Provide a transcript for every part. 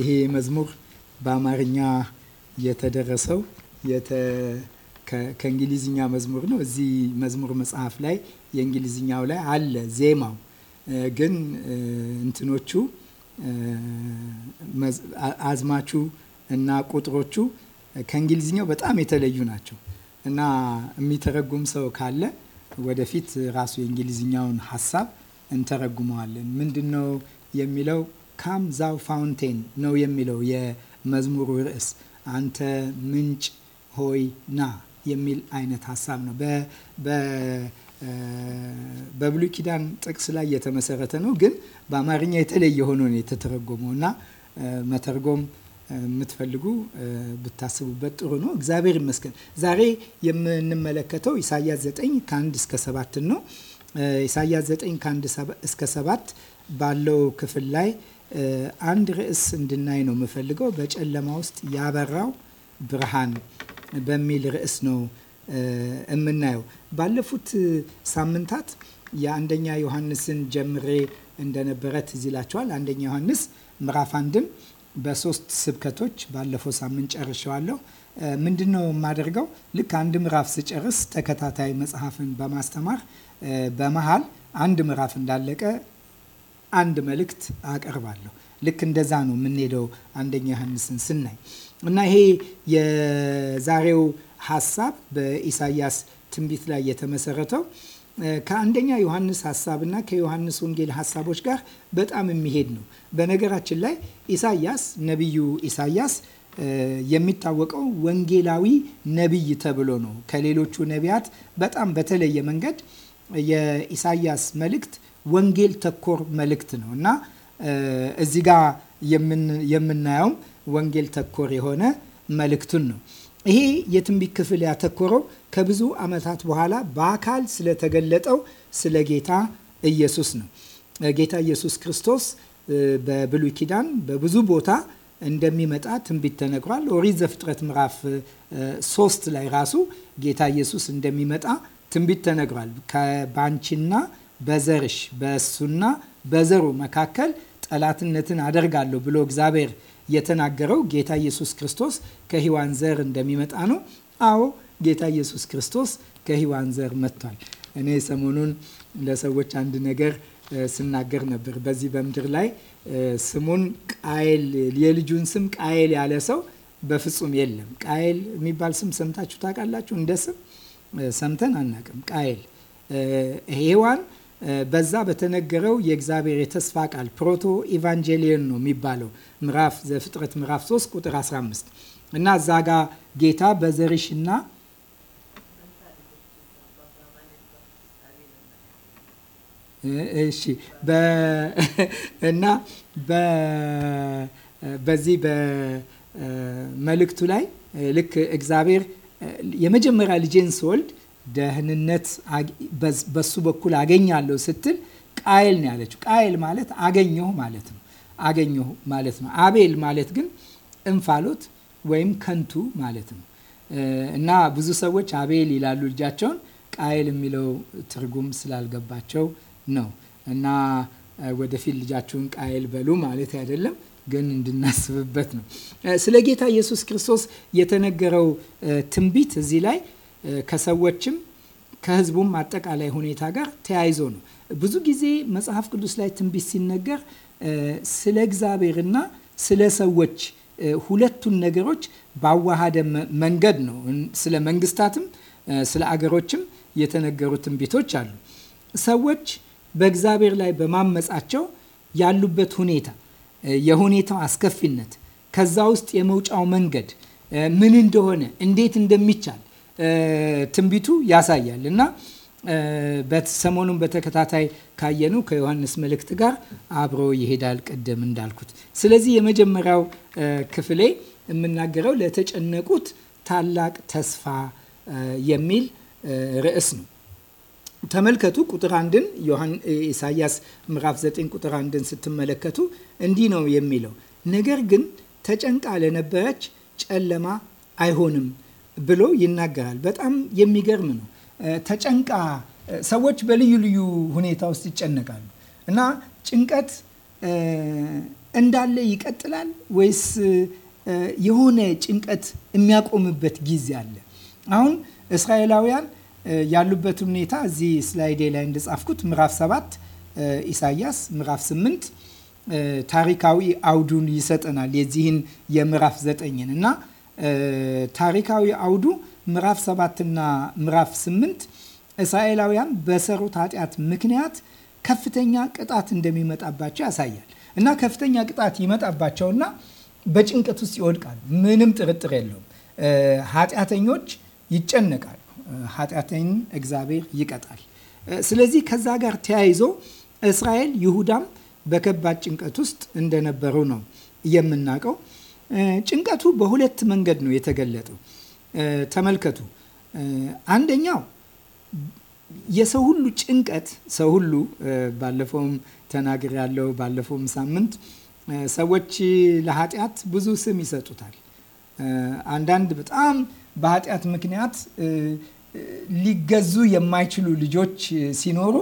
ይሄ መዝሙር በአማርኛ የተደረሰው ከእንግሊዝኛ መዝሙር ነው። እዚህ መዝሙር መጽሐፍ ላይ የእንግሊዝኛው ላይ አለ ዜማው ግን እንትኖቹ አዝማቹ እና ቁጥሮቹ ከእንግሊዝኛው በጣም የተለዩ ናቸው እና የሚተረጉም ሰው ካለ ወደፊት ራሱ የእንግሊዝኛውን ሀሳብ እንተረጉመዋለን። ምንድን ነው የሚለው ካም ዛው ፋውንቴን ነው የሚለው የመዝሙሩ ርዕስ። አንተ ምንጭ ሆይ ና የሚል አይነት ሀሳብ ነው። በብሉይ ኪዳን ጥቅስ ላይ የተመሰረተ ነው፣ ግን በአማርኛ የተለየ ሆኖ ነው የተተረጎመው እና መተርጎም የምትፈልጉ ብታስቡበት ጥሩ ነው። እግዚአብሔር ይመስገን። ዛሬ የምንመለከተው ኢሳያስ 9 ከ1 እስከ 7 ነው። ኢሳያስ 9 ከ1 እስከ ሰባት ባለው ክፍል ላይ አንድ ርዕስ እንድናይ ነው የምፈልገው። በጨለማ ውስጥ ያበራው ብርሃን በሚል ርዕስ ነው የምናየው። ባለፉት ሳምንታት የአንደኛ ዮሐንስን ጀምሬ እንደነበረ ትዝ ይላችኋል። አንደኛ ዮሐንስ ምዕራፍ አንድን በሶስት ስብከቶች ባለፈው ሳምንት ጨርሸዋለሁ። ምንድን ነው የማደርገው? ልክ አንድ ምዕራፍ ስጨርስ ተከታታይ መጽሐፍን በማስተማር በመሃል አንድ ምዕራፍ እንዳለቀ አንድ መልእክት አቀርባለሁ። ልክ እንደዛ ነው የምንሄደው አንደኛ ዮሐንስን ስናይ እና ይሄ የዛሬው ሀሳብ በኢሳያስ ትንቢት ላይ የተመሰረተው ከአንደኛ ዮሐንስ ሀሳብና ከዮሐንስ ወንጌል ሀሳቦች ጋር በጣም የሚሄድ ነው። በነገራችን ላይ ኢሳያስ ነቢዩ ኢሳያስ የሚታወቀው ወንጌላዊ ነቢይ ተብሎ ነው። ከሌሎቹ ነቢያት በጣም በተለየ መንገድ የኢሳያስ መልእክት ወንጌል ተኮር መልእክት ነው እና እዚህ ጋ የምናየውም ወንጌል ተኮር የሆነ መልእክቱን ነው። ይሄ የትንቢት ክፍል ያተኮረው ከብዙ ዓመታት በኋላ በአካል ስለተገለጠው ስለ ጌታ ኢየሱስ ነው። ጌታ ኢየሱስ ክርስቶስ በብሉይ ኪዳን በብዙ ቦታ እንደሚመጣ ትንቢት ተነግሯል። ኦሪት ዘፍጥረት ምዕራፍ ሶስት ላይ ራሱ ጌታ ኢየሱስ እንደሚመጣ ትንቢት ተነግሯል። ከባንቺና በዘርሽ በእሱና በዘሩ መካከል ጠላትነትን አደርጋለሁ ብሎ እግዚአብሔር የተናገረው ጌታ ኢየሱስ ክርስቶስ ከሔዋን ዘር እንደሚመጣ ነው። አዎ ጌታ ኢየሱስ ክርስቶስ ከሔዋን ዘር መጥቷል። እኔ ሰሞኑን ለሰዎች አንድ ነገር ስናገር ነበር። በዚህ በምድር ላይ ስሙን ቃየል የልጁን ስም ቃየል ያለ ሰው በፍጹም የለም። ቃየል የሚባል ስም ሰምታችሁ ታውቃላችሁ? እንደ ስም ሰምተን አናቅም። ቃየል ሔዋን በዛ በተነገረው የእግዚአብሔር የተስፋ ቃል ፕሮቶ ኢቫንጀሊየን ነው የሚባለው ምዕራፍ ዘፍጥረት ምዕራፍ 3 ቁጥር 15 እና እዛ ጋ ጌታ በዘርሽና እሺ እና በዚህ በመልእክቱ ላይ ልክ እግዚአብሔር የመጀመሪያ ልጄን ስወልድ ደህንነት በሱ በኩል አገኛለሁ ስትል ቃየል ነው ያለችው። ቃየል ማለት አገኘሁ ማለት ነው። አገኘሁ ማለት ነው። አቤል ማለት ግን እንፋሎት ወይም ከንቱ ማለት ነው እና ብዙ ሰዎች አቤል ይላሉ ልጃቸውን ቃየል የሚለው ትርጉም ስላልገባቸው ነው እና ወደፊት ልጃችሁን ቃየል በሉ ማለት አይደለም ግን እንድናስብበት ነው። ስለ ጌታ ኢየሱስ ክርስቶስ የተነገረው ትንቢት እዚህ ላይ ከሰዎችም ከህዝቡም አጠቃላይ ሁኔታ ጋር ተያይዞ ነው። ብዙ ጊዜ መጽሐፍ ቅዱስ ላይ ትንቢት ሲነገር ስለ እግዚአብሔርና ስለ ሰዎች ሁለቱን ነገሮች ባዋሃደ መንገድ ነው። ስለ መንግስታትም ስለ አገሮችም የተነገሩ ትንቢቶች አሉ። ሰዎች በእግዚአብሔር ላይ በማመጻቸው ያሉበት ሁኔታ፣ የሁኔታው አስከፊነት፣ ከዛ ውስጥ የመውጫው መንገድ ምን እንደሆነ እንዴት እንደሚቻል ትንቢቱ ያሳያል እና ሰሞኑን በተከታታይ ካየነው ከዮሐንስ መልእክት ጋር አብሮ ይሄዳል። ቅድም እንዳልኩት ስለዚህ የመጀመሪያው ክፍሌ የምናገረው ለተጨነቁት ታላቅ ተስፋ የሚል ርዕስ ነው። ተመልከቱ ቁጥር አንድን ኢሳያስ ምዕራፍ 9 ቁጥር አንድን ስትመለከቱ እንዲህ ነው የሚለው ነገር ግን ተጨንቃ ለነበረች ጨለማ አይሆንም ብሎ ይናገራል። በጣም የሚገርም ነው። ተጨንቃ ሰዎች በልዩ ልዩ ሁኔታ ውስጥ ይጨነቃሉ እና ጭንቀት እንዳለ ይቀጥላል ወይስ የሆነ ጭንቀት የሚያቆምበት ጊዜ አለ? አሁን እስራኤላውያን ያሉበት ሁኔታ እዚህ ስላይዴ ላይ እንደጻፍኩት ምዕራፍ 7 ኢሳያስ ምዕራፍ 8 ታሪካዊ አውዱን ይሰጠናል የዚህን የምዕራፍ ዘጠኝን እና ታሪካዊ አውዱ ምዕራፍ ሰባትና ምዕራፍ ስምንት እስራኤላውያን በሰሩት ኃጢአት ምክንያት ከፍተኛ ቅጣት እንደሚመጣባቸው ያሳያል እና ከፍተኛ ቅጣት ይመጣባቸውና በጭንቀት ውስጥ ይወድቃል ምንም ጥርጥር የለውም። ኃጢአተኞች ይጨነቃሉ። ኃጢአተኝን እግዚአብሔር ይቀጣል። ስለዚህ ከዛ ጋር ተያይዞ እስራኤል ይሁዳም በከባድ ጭንቀት ውስጥ እንደነበሩ ነው የምናውቀው። ጭንቀቱ በሁለት መንገድ ነው የተገለጠው። ተመልከቱ። አንደኛው የሰው ሁሉ ጭንቀት ሰው ሁሉ ባለፈውም ተናግር ያለው ባለፈውም ሳምንት ሰዎች ለኃጢአት ብዙ ስም ይሰጡታል። አንዳንድ በጣም በኃጢአት ምክንያት ሊገዙ የማይችሉ ልጆች ሲኖሩ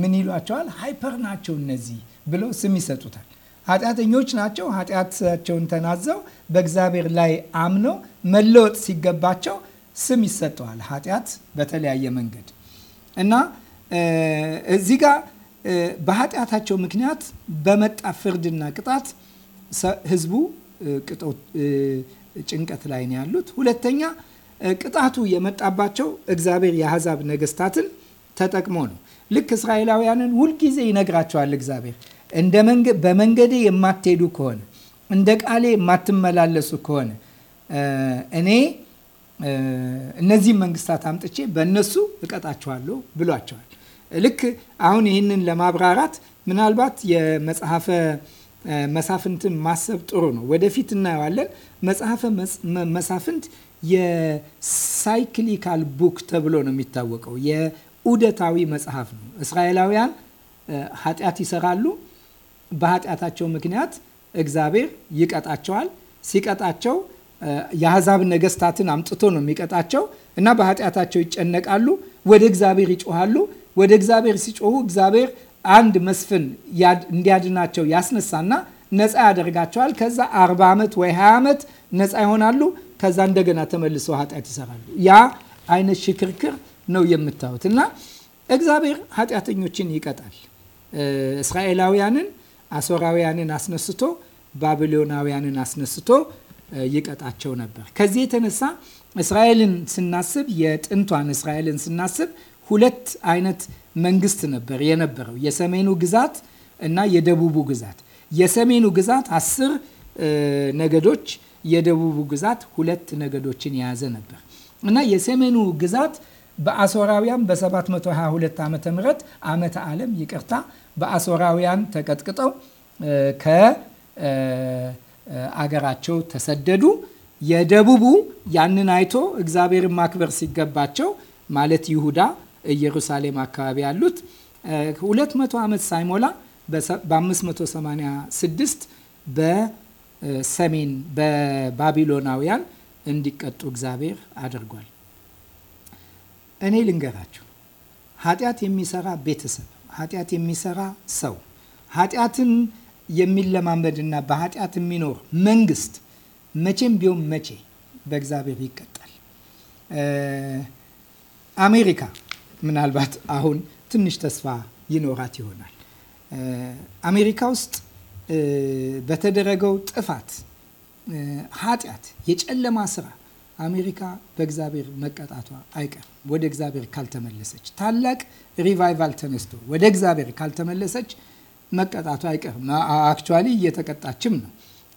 ምን ይሏቸዋል? ሃይፐር ናቸው እነዚህ ብለው ስም ይሰጡታል። ኃጢአተኞች ናቸው። ኃጢአታቸውን ተናዘው በእግዚአብሔር ላይ አምነው መለወጥ ሲገባቸው ስም ይሰጠዋል። ኃጢአት በተለያየ መንገድ እና እዚህ ጋር በኃጢአታቸው ምክንያት በመጣ ፍርድና ቅጣት ህዝቡ ጭንቀት ላይ ነው ያሉት። ሁለተኛ ቅጣቱ የመጣባቸው እግዚአብሔር የአሕዛብ ነገስታትን ተጠቅሞ ነው። ልክ እስራኤላውያንን ሁልጊዜ ይነግራቸዋል እግዚአብሔር እንደ በመንገዴ የማትሄዱ ከሆነ እንደ ቃሌ የማትመላለሱ ከሆነ እኔ እነዚህም መንግስታት አምጥቼ በእነሱ እቀጣችኋለሁ ብሏቸዋል። ልክ አሁን ይህንን ለማብራራት ምናልባት የመጽሐፈ መሳፍንትን ማሰብ ጥሩ ነው። ወደፊት እናየዋለን። መጽሐፈ መሳፍንት የሳይክሊካል ቡክ ተብሎ ነው የሚታወቀው። የዑደታዊ መጽሐፍ ነው። እስራኤላውያን ኃጢአት ይሰራሉ በኃጢአታቸው ምክንያት እግዚአብሔር ይቀጣቸዋል። ሲቀጣቸው የአሕዛብ ነገስታትን አምጥቶ ነው የሚቀጣቸው እና በኃጢአታቸው ይጨነቃሉ። ወደ እግዚአብሔር ይጮሃሉ። ወደ እግዚአብሔር ሲጮሁ እግዚአብሔር አንድ መስፍን እንዲያድናቸው ያስነሳና ነፃ ያደርጋቸዋል። ከዛ 40 ዓመት ወይ 20 ዓመት ነፃ ይሆናሉ። ከዛ እንደገና ተመልሰው ኃጢአት ይሰራሉ። ያ አይነት ሽክርክር ነው የምታዩት እና እግዚአብሔር ኃጢአተኞችን ይቀጣል። እስራኤላውያንን አሶራውያንን አስነስቶ ባቢሎናውያንን አስነስቶ ይቀጣቸው ነበር። ከዚህ የተነሳ እስራኤልን ስናስብ የጥንቷን እስራኤልን ስናስብ ሁለት አይነት መንግስት ነበር የነበረው የሰሜኑ ግዛት እና የደቡቡ ግዛት። የሰሜኑ ግዛት አስር ነገዶች፣ የደቡቡ ግዛት ሁለት ነገዶችን የያዘ ነበር እና የሰሜኑ ግዛት በአሶራውያን በ722 ዓ ምህረት ዓመተ ዓለም ይቅርታ በአሶራውያን ተቀጥቅጠው ከአገራቸው ተሰደዱ። የደቡቡ ያንን አይቶ እግዚአብሔርን ማክበር ሲገባቸው ማለት ይሁዳ፣ ኢየሩሳሌም አካባቢ ያሉት 200 ዓመት ሳይሞላ በ586 በሰሜን በባቢሎናውያን እንዲቀጡ እግዚአብሔር አድርጓል። እኔ ልንገራችሁ ኃጢአት የሚሰራ ቤተሰብ ኃጢአት የሚሰራ ሰው ኃጢአትን የሚለማመድና በኃጢአት የሚኖር መንግስት መቼም ቢሆን መቼ በእግዚአብሔር ይቀጣል። አሜሪካ ምናልባት አሁን ትንሽ ተስፋ ይኖራት ይሆናል። አሜሪካ ውስጥ በተደረገው ጥፋት፣ ኃጢአት፣ የጨለማ ስራ አሜሪካ በእግዚአብሔር መቀጣቷ አይቀር ወደ እግዚአብሔር ካልተመለሰች ታላቅ ሪቫይቫል ተነስቶ ወደ እግዚአብሔር ካልተመለሰች መቀጣቷ አይቀር። አክቹዋሊ እየተቀጣችም ነው።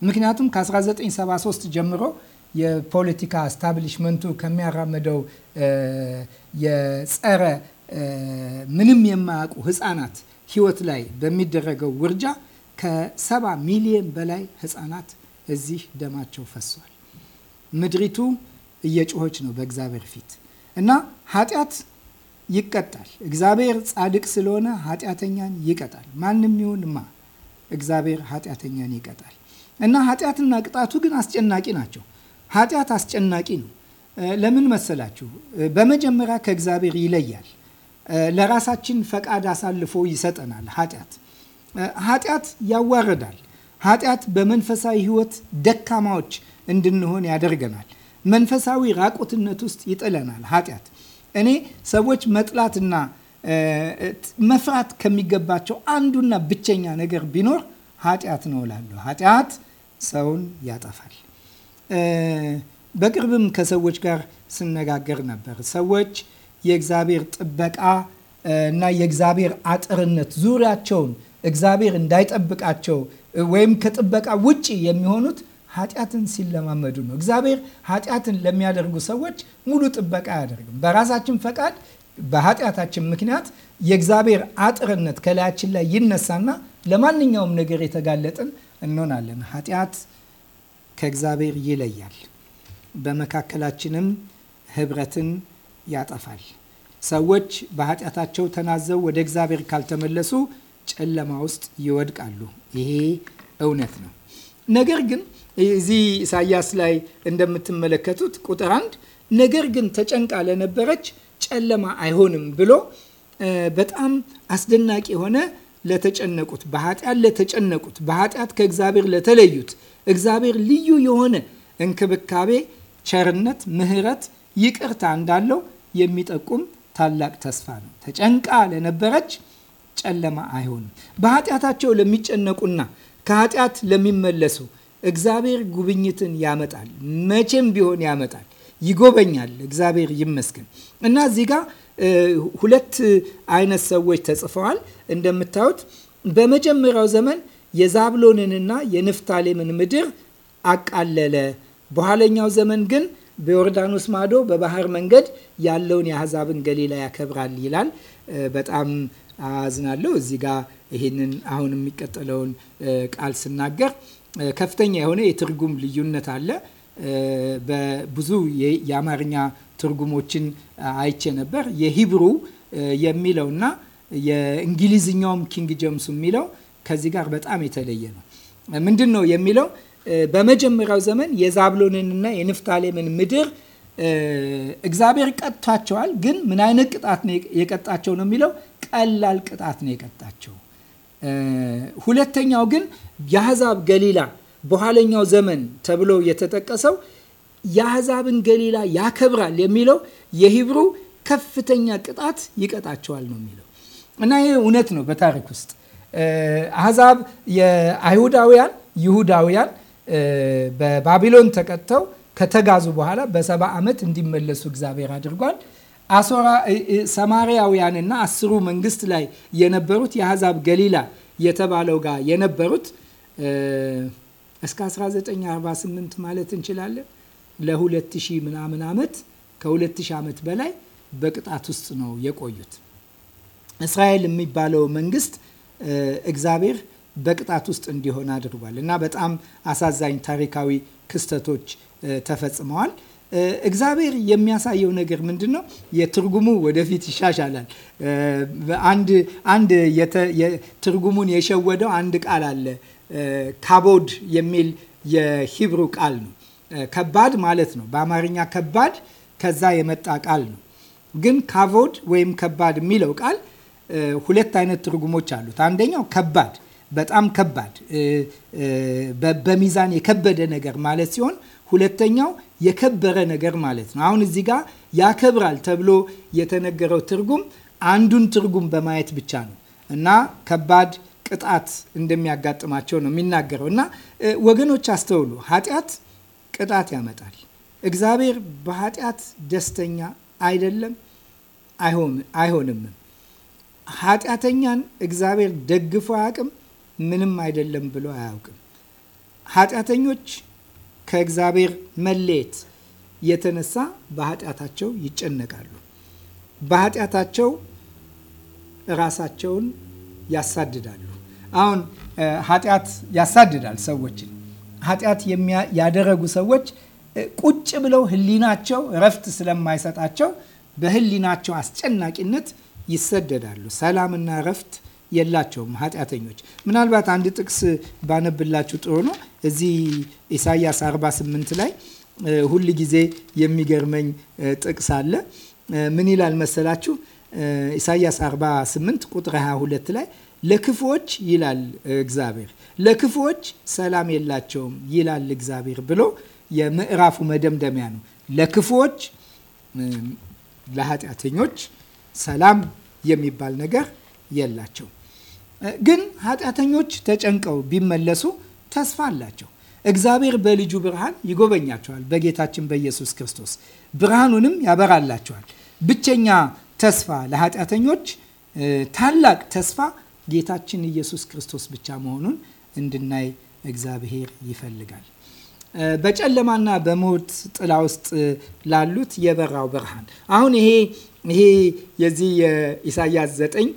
ምክንያቱም ከ1973 ጀምሮ የፖለቲካ ስታብሊሽመንቱ ከሚያራምደው የጸረ ምንም የማያውቁ ህፃናት ህይወት ላይ በሚደረገው ውርጃ ከሰባ ሚሊዮን በላይ ህፃናት እዚህ ደማቸው ፈሷል። ምድሪቱ እየጮኸች ነው በእግዚአብሔር ፊት እና ኃጢአት ይቀጣል። እግዚአብሔር ጻድቅ ስለሆነ ኃጢአተኛን ይቀጣል። ማንም ይሁን ማ እግዚአብሔር ኃጢአተኛን ይቀጣል እና ኃጢአትና ቅጣቱ ግን አስጨናቂ ናቸው። ኃጢአት አስጨናቂ ነው። ለምን መሰላችሁ? በመጀመሪያ ከእግዚአብሔር ይለያል። ለራሳችን ፈቃድ አሳልፎ ይሰጠናል። ኃጢአት ኃጢአት ያዋርዳል። ኃጢአት በመንፈሳዊ ሕይወት ደካማዎች እንድንሆን ያደርገናል። መንፈሳዊ ራቁትነት ውስጥ ይጥለናል ኃጢአት። እኔ ሰዎች መጥላትና መፍራት ከሚገባቸው አንዱና ብቸኛ ነገር ቢኖር ኃጢአት ነው እላለሁ። ኃጢአት ሰውን ያጠፋል። በቅርብም ከሰዎች ጋር ስነጋገር ነበር። ሰዎች የእግዚአብሔር ጥበቃ እና የእግዚአብሔር አጥርነት ዙሪያቸውን እግዚአብሔር እንዳይጠብቃቸው ወይም ከጥበቃ ውጭ የሚሆኑት ኃጢአትን ሲለማመዱ ነው። እግዚአብሔር ኃጢአትን ለሚያደርጉ ሰዎች ሙሉ ጥበቃ አያደርግም። በራሳችን ፈቃድ በኃጢአታችን ምክንያት የእግዚአብሔር አጥርነት ከላያችን ላይ ይነሳና ለማንኛውም ነገር የተጋለጥን እንሆናለን። ኃጢአት ከእግዚአብሔር ይለያል፣ በመካከላችንም ህብረትን ያጠፋል። ሰዎች በኃጢአታቸው ተናዘው ወደ እግዚአብሔር ካልተመለሱ ጨለማ ውስጥ ይወድቃሉ። ይሄ እውነት ነው። ነገር ግን እዚህ ኢሳያስ ላይ እንደምትመለከቱት ቁጥር አንድ ነገር ግን ተጨንቃ ለነበረች ጨለማ አይሆንም ብሎ በጣም አስደናቂ የሆነ ለተጨነቁት በኃጢአት ለተጨነቁት በኃጢአት ከእግዚአብሔር ለተለዩት እግዚአብሔር ልዩ የሆነ እንክብካቤ፣ ቸርነት፣ ምሕረት፣ ይቅርታ እንዳለው የሚጠቁም ታላቅ ተስፋ ነው። ተጨንቃ ለነበረች ጨለማ አይሆንም። በኃጢአታቸው ለሚጨነቁና ከኃጢአት ለሚመለሱ እግዚአብሔር ጉብኝትን ያመጣል። መቼም ቢሆን ያመጣል፣ ይጎበኛል። እግዚአብሔር ይመስገን እና እዚህ ጋር ሁለት አይነት ሰዎች ተጽፈዋል። እንደምታዩት በመጀመሪያው ዘመን የዛብሎንንና የንፍታሌምን ምድር አቃለለ። በኋለኛው ዘመን ግን በዮርዳኖስ ማዶ በባህር መንገድ ያለውን የአሕዛብን ገሊላ ያከብራል ይላል። በጣም አዝናለሁ እዚህ ጋር ይህንን አሁን የሚቀጥለውን ቃል ስናገር ከፍተኛ የሆነ የትርጉም ልዩነት አለ። በብዙ የአማርኛ ትርጉሞችን አይቼ ነበር። የሂብሩ የሚለውና የእንግሊዝኛውም ኪንግ ጀምሱ የሚለው ከዚህ ጋር በጣም የተለየ ነው። ምንድን ነው የሚለው? በመጀመሪያው ዘመን የዛብሎንንና የንፍታሌምን ምድር እግዚአብሔር ቀጥቷቸዋል። ግን ምን አይነት ቅጣት ነው የቀጣቸው ነው የሚለው ቀላል ቅጣት ነው የቀጣቸው ሁለተኛው ግን የአሕዛብ ገሊላ በኋለኛው ዘመን ተብሎ የተጠቀሰው የአሕዛብን ገሊላ ያከብራል የሚለው የሂብሩ ከፍተኛ ቅጣት ይቀጣቸዋል ነው የሚለው እና ይህ እውነት ነው። በታሪክ ውስጥ አሕዛብ የአይሁዳውያን ይሁዳውያን በባቢሎን ተቀጥተው ከተጋዙ በኋላ በሰባ ዓመት እንዲመለሱ እግዚአብሔር አድርጓል። አሶራ ሰማሪያውያንና አስሩ መንግስት ላይ የነበሩት የአዛብ ገሊላ የተባለው ጋር የነበሩት እስከ 1948 ማለት እንችላለን ለ2000 ምናምን ዓመት ከ2000 ዓመት በላይ በቅጣት ውስጥ ነው የቆዩት። እስራኤል የሚባለው መንግስት እግዚአብሔር በቅጣት ውስጥ እንዲሆን አድርጓል እና በጣም አሳዛኝ ታሪካዊ ክስተቶች ተፈጽመዋል። እግዚአብሔር የሚያሳየው ነገር ምንድን ነው? የትርጉሙ ወደፊት ይሻሻላል። አንድ ትርጉሙን የሸወደው አንድ ቃል አለ። ካቦድ የሚል የሂብሩ ቃል ነው። ከባድ ማለት ነው። በአማርኛ ከባድ ከዛ የመጣ ቃል ነው። ግን ካቦድ ወይም ከባድ የሚለው ቃል ሁለት አይነት ትርጉሞች አሉት። አንደኛው ከባድ፣ በጣም ከባድ፣ በሚዛን የከበደ ነገር ማለት ሲሆን ሁለተኛው የከበረ ነገር ማለት ነው። አሁን እዚህ ጋር ያከብራል ተብሎ የተነገረው ትርጉም አንዱን ትርጉም በማየት ብቻ ነው እና ከባድ ቅጣት እንደሚያጋጥማቸው ነው የሚናገረው። እና ወገኖች አስተውሉ፣ ኃጢአት ቅጣት ያመጣል። እግዚአብሔር በኃጢአት ደስተኛ አይደለም፣ አይሆንም። ኃጢአተኛን እግዚአብሔር ደግፎ አያውቅም፣ ምንም አይደለም ብሎ አያውቅም። ኃጢአተኞች ከእግዚአብሔር መለየት የተነሳ በኃጢአታቸው ይጨነቃሉ። በኃጢአታቸው ራሳቸውን ያሳድዳሉ። አሁን ኃጢአት ያሳድዳል ሰዎችን። ኃጢአት ያደረጉ ሰዎች ቁጭ ብለው ህሊናቸው እረፍት ስለማይሰጣቸው በህሊናቸው አስጨናቂነት ይሰደዳሉ። ሰላምና እረፍት የላቸውም ኃጢአተኞች። ምናልባት አንድ ጥቅስ ባነብላችሁ ጥሩ ነው። እዚህ ኢሳያስ 48 ላይ ሁል ጊዜ የሚገርመኝ ጥቅስ አለ። ምን ይላል መሰላችሁ? ኢሳያስ 48 ቁጥር 22 ላይ ለክፉዎች ይላል እግዚአብሔር፣ ለክፉዎች ሰላም የላቸውም ይላል እግዚአብሔር ብሎ የምዕራፉ መደምደሚያ ነው። ለክፉዎች ለኃጢአተኞች ሰላም የሚባል ነገር የላቸው ግን ኃጢአተኞች ተጨንቀው ቢመለሱ ተስፋ አላቸው። እግዚአብሔር በልጁ ብርሃን ይጎበኛቸዋል። በጌታችን በኢየሱስ ክርስቶስ ብርሃኑንም ያበራላቸዋል። ብቸኛ ተስፋ ለኃጢአተኞች ታላቅ ተስፋ ጌታችን ኢየሱስ ክርስቶስ ብቻ መሆኑን እንድናይ እግዚአብሔር ይፈልጋል። በጨለማና በሞት ጥላ ውስጥ ላሉት የበራው ብርሃን አሁን ይሄ ይሄ የዚህ የኢሳያስ ዘጠኝ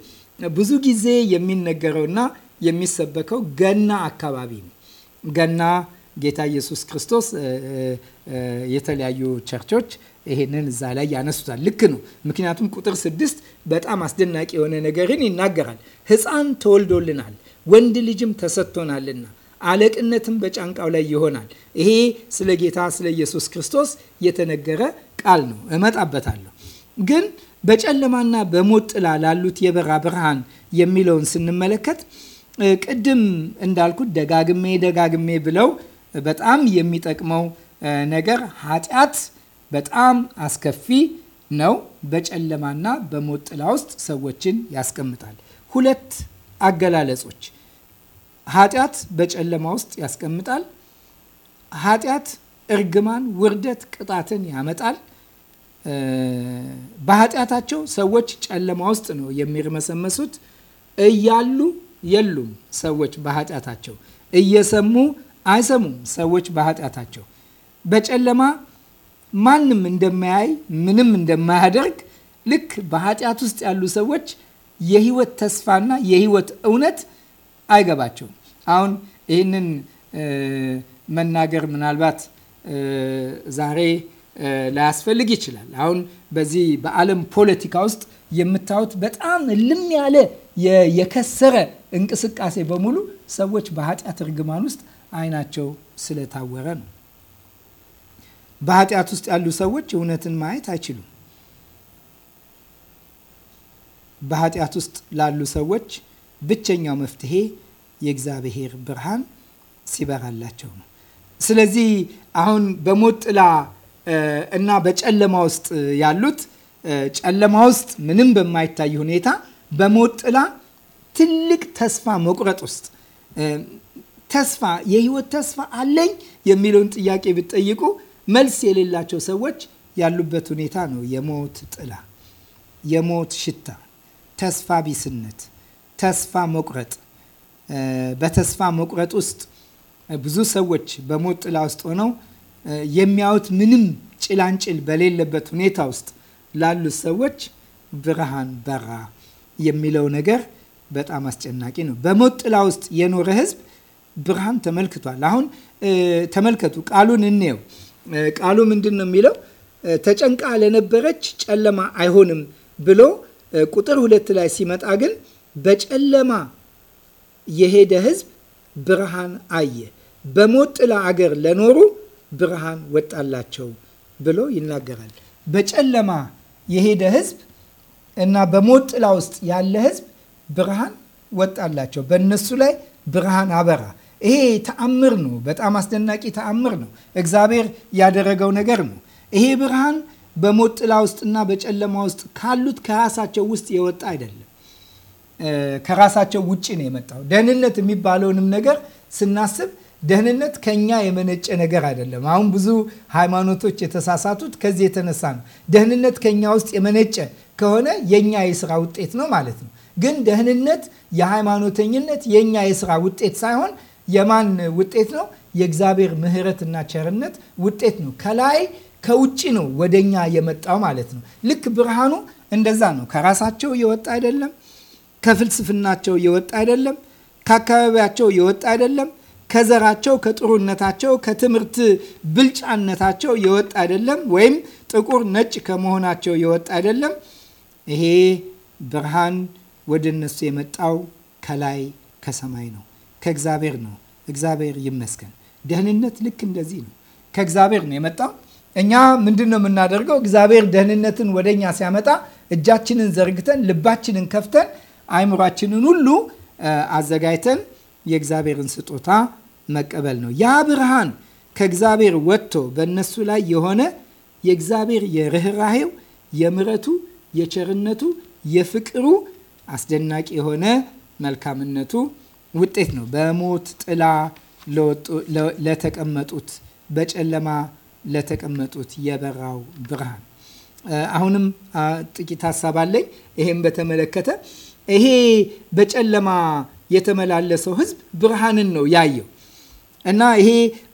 ብዙ ጊዜ የሚነገረውና የሚሰበከው ገና አካባቢ ነው። ገና ጌታ ኢየሱስ ክርስቶስ የተለያዩ ቸርቾች ይሄንን እዛ ላይ ያነሱታል። ልክ ነው። ምክንያቱም ቁጥር ስድስት በጣም አስደናቂ የሆነ ነገርን ይናገራል። ሕፃን ተወልዶልናል፣ ወንድ ልጅም ተሰጥቶናልና አለቅነትም በጫንቃው ላይ ይሆናል። ይሄ ስለ ጌታ ስለ ኢየሱስ ክርስቶስ የተነገረ ቃል ነው። እመጣበታለሁ ግን በጨለማና በሞት ጥላ ላሉት የበራ ብርሃን የሚለውን ስንመለከት ቅድም እንዳልኩት ደጋግሜ ደጋግሜ ብለው በጣም የሚጠቅመው ነገር ኃጢአት በጣም አስከፊ ነው። በጨለማና በሞት ጥላ ውስጥ ሰዎችን ያስቀምጣል። ሁለት አገላለጾች፣ ኃጢአት በጨለማ ውስጥ ያስቀምጣል። ኃጢአት እርግማን፣ ውርደት፣ ቅጣትን ያመጣል። በኃጢአታቸው ሰዎች ጨለማ ውስጥ ነው የሚርመሰመሱት። እያሉ የሉም ሰዎች በኃጢአታቸው እየሰሙ አይሰሙም ሰዎች በኃጢአታቸው በጨለማ ማንም እንደማያይ ምንም እንደማያደርግ ልክ በኃጢአት ውስጥ ያሉ ሰዎች የህይወት ተስፋና የህይወት እውነት አይገባቸውም። አሁን ይህንን መናገር ምናልባት ዛሬ ላያስፈልግ ይችላል። አሁን በዚህ በዓለም ፖለቲካ ውስጥ የምታዩት በጣም ልም ያለ የከሰረ እንቅስቃሴ በሙሉ ሰዎች በኃጢአት እርግማን ውስጥ አይናቸው ስለታወረ ነው። በኃጢአት ውስጥ ያሉ ሰዎች እውነትን ማየት አይችሉም። በኃጢአት ውስጥ ላሉ ሰዎች ብቸኛው መፍትሄ የእግዚአብሔር ብርሃን ሲበራላቸው ነው። ስለዚህ አሁን በሞት ጥላ እና በጨለማ ውስጥ ያሉት ጨለማ ውስጥ ምንም በማይታይ ሁኔታ በሞት ጥላ ትልቅ ተስፋ መቁረጥ ውስጥ ተስፋ የህይወት ተስፋ አለኝ የሚለውን ጥያቄ ብትጠይቁ መልስ የሌላቸው ሰዎች ያሉበት ሁኔታ ነው። የሞት ጥላ፣ የሞት ሽታ፣ ተስፋ ቢስነት፣ ተስፋ መቁረጥ። በተስፋ መቁረጥ ውስጥ ብዙ ሰዎች በሞት ጥላ ውስጥ ሆነው የሚያዩት ምንም ጭላንጭል በሌለበት ሁኔታ ውስጥ ላሉት ሰዎች ብርሃን በራ የሚለው ነገር በጣም አስጨናቂ ነው። በሞት ጥላ ውስጥ የኖረ ህዝብ ብርሃን ተመልክቷል። አሁን ተመልከቱ፣ ቃሉን እንየው። ቃሉ ምንድን ነው የሚለው? ተጨንቃ ለነበረች ጨለማ አይሆንም ብሎ ቁጥር ሁለት ላይ ሲመጣ ግን በጨለማ የሄደ ህዝብ ብርሃን አየ። በሞት ጥላ አገር ለኖሩ ብርሃን ወጣላቸው ብሎ ይናገራል። በጨለማ የሄደ ህዝብ እና በሞት ጥላ ውስጥ ያለ ህዝብ ብርሃን ወጣላቸው፣ በእነሱ ላይ ብርሃን አበራ። ይሄ ተአምር ነው። በጣም አስደናቂ ተአምር ነው። እግዚአብሔር ያደረገው ነገር ነው። ይሄ ብርሃን በሞት ጥላ ውስጥና በጨለማ ውስጥ ካሉት ከራሳቸው ውስጥ የወጣ አይደለም። ከራሳቸው ውጭ ነው የመጣው። ደህንነት የሚባለውንም ነገር ስናስብ ደህንነት ከኛ የመነጨ ነገር አይደለም። አሁን ብዙ ሃይማኖቶች የተሳሳቱት ከዚህ የተነሳ ነው። ደህንነት ከኛ ውስጥ የመነጨ ከሆነ የኛ የስራ ውጤት ነው ማለት ነው። ግን ደህንነት የሃይማኖተኝነት የኛ የስራ ውጤት ሳይሆን የማን ውጤት ነው? የእግዚአብሔር ምሕረትና ቸርነት ውጤት ነው። ከላይ ከውጭ ነው ወደኛ የመጣው ማለት ነው። ልክ ብርሃኑ እንደዛ ነው። ከራሳቸው የወጣ አይደለም። ከፍልስፍናቸው የወጣ አይደለም። ከአካባቢያቸው የወጣ አይደለም ከዘራቸው፣ ከጥሩነታቸው፣ ከትምህርት ብልጫነታቸው የወጣ አይደለም፣ ወይም ጥቁር ነጭ ከመሆናቸው የወጣ አይደለም። ይሄ ብርሃን ወደ እነሱ የመጣው ከላይ ከሰማይ ነው፣ ከእግዚአብሔር ነው። እግዚአብሔር ይመስገን። ደህንነት ልክ እንደዚህ ነው፣ ከእግዚአብሔር ነው የመጣው። እኛ ምንድን ነው የምናደርገው? እግዚአብሔር ደህንነትን ወደ እኛ ሲያመጣ እጃችንን ዘርግተን ልባችንን ከፍተን አይምሯችንን ሁሉ አዘጋጅተን የእግዚአብሔርን ስጦታ መቀበል ነው። ያ ብርሃን ከእግዚአብሔር ወጥቶ በእነሱ ላይ የሆነ የእግዚአብሔር የርኅራሄው፣ የምረቱ፣ የቸርነቱ፣ የፍቅሩ አስደናቂ የሆነ መልካምነቱ ውጤት ነው። በሞት ጥላ ለተቀመጡት፣ በጨለማ ለተቀመጡት የበራው ብርሃን። አሁንም ጥቂት ሀሳብ አለኝ ይሄም በተመለከተ ይሄ በጨለማ የተመላለሰው ህዝብ ብርሃንን ነው ያየው። እና ይሄ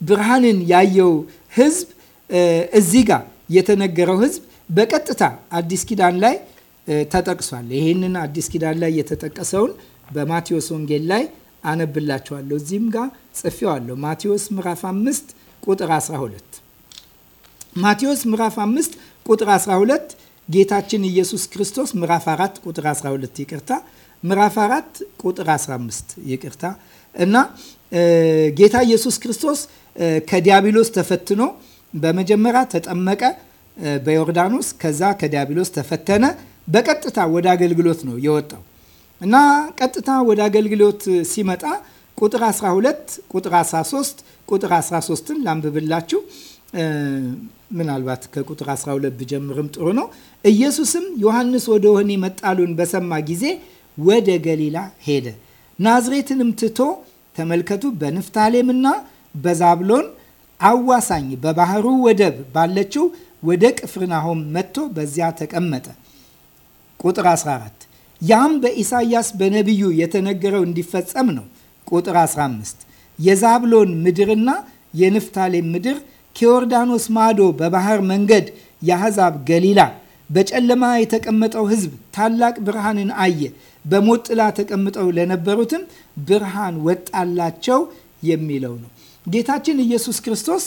ብርሃንን ያየው ህዝብ እዚህ ጋር የተነገረው ህዝብ በቀጥታ አዲስ ኪዳን ላይ ተጠቅሷል። ይህንን አዲስ ኪዳን ላይ የተጠቀሰውን በማቴዎስ ወንጌል ላይ አነብላችኋለሁ። እዚህም ጋር ጽፌዋለሁ። ማቴዎስ ምዕራፍ 5 ቁጥር 12 ማቴዎስ ምዕራፍ 5 ቁጥር 12 ጌታችን ኢየሱስ ክርስቶስ ምዕራፍ 4 ቁጥር 12 ይቅርታ፣ ምዕራፍ 4 ቁጥር 15 ይቅርታ እና ጌታ ኢየሱስ ክርስቶስ ከዲያብሎስ ተፈትኖ በመጀመሪያ ተጠመቀ በዮርዳኖስ። ከዛ ከዲያብሎስ ተፈተነ። በቀጥታ ወደ አገልግሎት ነው የወጣው እና ቀጥታ ወደ አገልግሎት ሲመጣ ቁጥር 12 ቁጥር 13 ቁጥር 13ን ላንብብላችሁ። ምናልባት ከቁጥር 12 ብጀምርም ጥሩ ነው። ኢየሱስም ዮሐንስ ወደ ወህኒ መጣሉን በሰማ ጊዜ ወደ ገሊላ ሄደ፣ ናዝሬትንም ትቶ ተመልከቱ፣ በንፍታሌምና በዛብሎን አዋሳኝ በባህሩ ወደብ ባለችው ወደ ቅፍርናሆም መጥቶ በዚያ ተቀመጠ። ቁጥር 14 ያም በኢሳይያስ በነቢዩ የተነገረው እንዲፈጸም ነው። ቁጥር 15 የዛብሎን ምድርና የንፍታሌም ምድር ከዮርዳኖስ ማዶ በባህር መንገድ የአሕዛብ ገሊላ በጨለማ የተቀመጠው ሕዝብ ታላቅ ብርሃንን አየ፣ በሞት ጥላ ተቀምጠው ለነበሩትም ብርሃን ወጣላቸው የሚለው ነው። ጌታችን ኢየሱስ ክርስቶስ